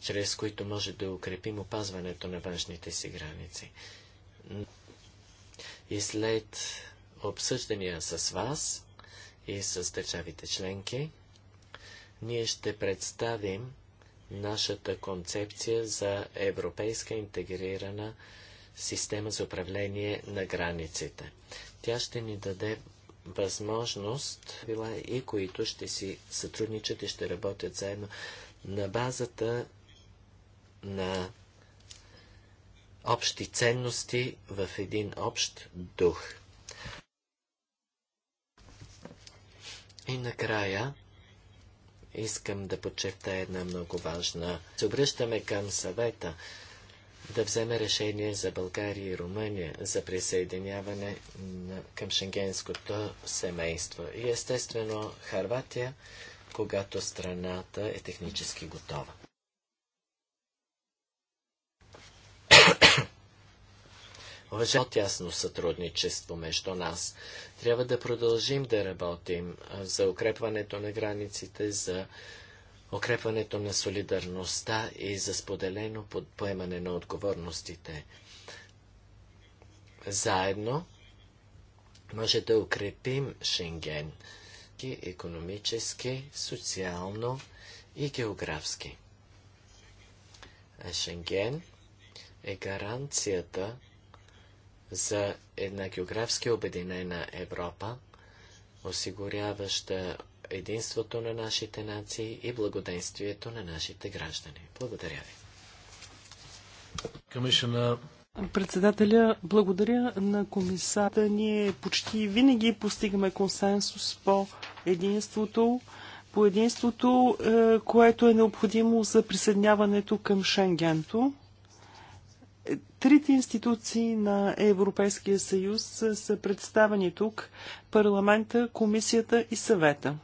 чрез които може да укрепим опазването на външните си граници. И след обсъждания с вас, и с държавите членки, ние ще представим нашата концепция за европейска интегрирана система за управление на границите. Тя ще ни даде възможност била и които ще си сътрудничат и ще работят заедно на базата на общи ценности в един общ дух. И накрая искам да подчертая една много важна. Се обръщаме към съвета да вземе решение за България и Румъния за присъединяване към шенгенското семейство. И естествено Харватия, когато страната е технически готова. уважа тясно сътрудничество между нас. Трябва да продължим да работим за укрепването на границите, за укрепването на солидарността и за споделено поемане на отговорностите. Заедно може да укрепим Шенген и економически, социално и географски. Шенген е гаранцията за една географски обединена Европа, осигуряваща единството на нашите нации и благоденствието на нашите граждани. Благодаря ви. Комишена... Председателя, благодаря на комисата. Ние почти винаги постигаме консенсус по единството, по единството, е, което е необходимо за присъединяването към Шенгенто. Трите институции на Европейския съюз са представени тук – парламента, комисията и съвета.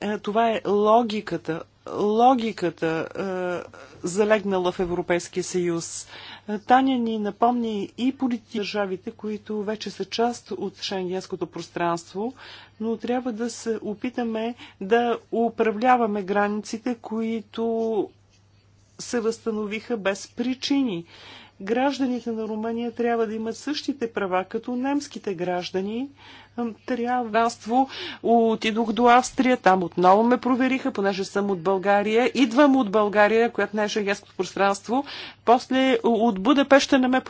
Е, това е логиката, логиката е, залегнала в Европейския съюз. Е, Таня ни напомни и полити държавите, които вече са част от шенгенското пространство, но трябва да се опитаме да управляваме границите, които се възстановиха без причини. Гражданите на Румъния трябва да имат същите права като немските граждани. Трябва. Отидох до Австрия, там отново ме провериха, понеже съм от България. Идвам от България, която не е шегенското пространство. После от Будапеща не ме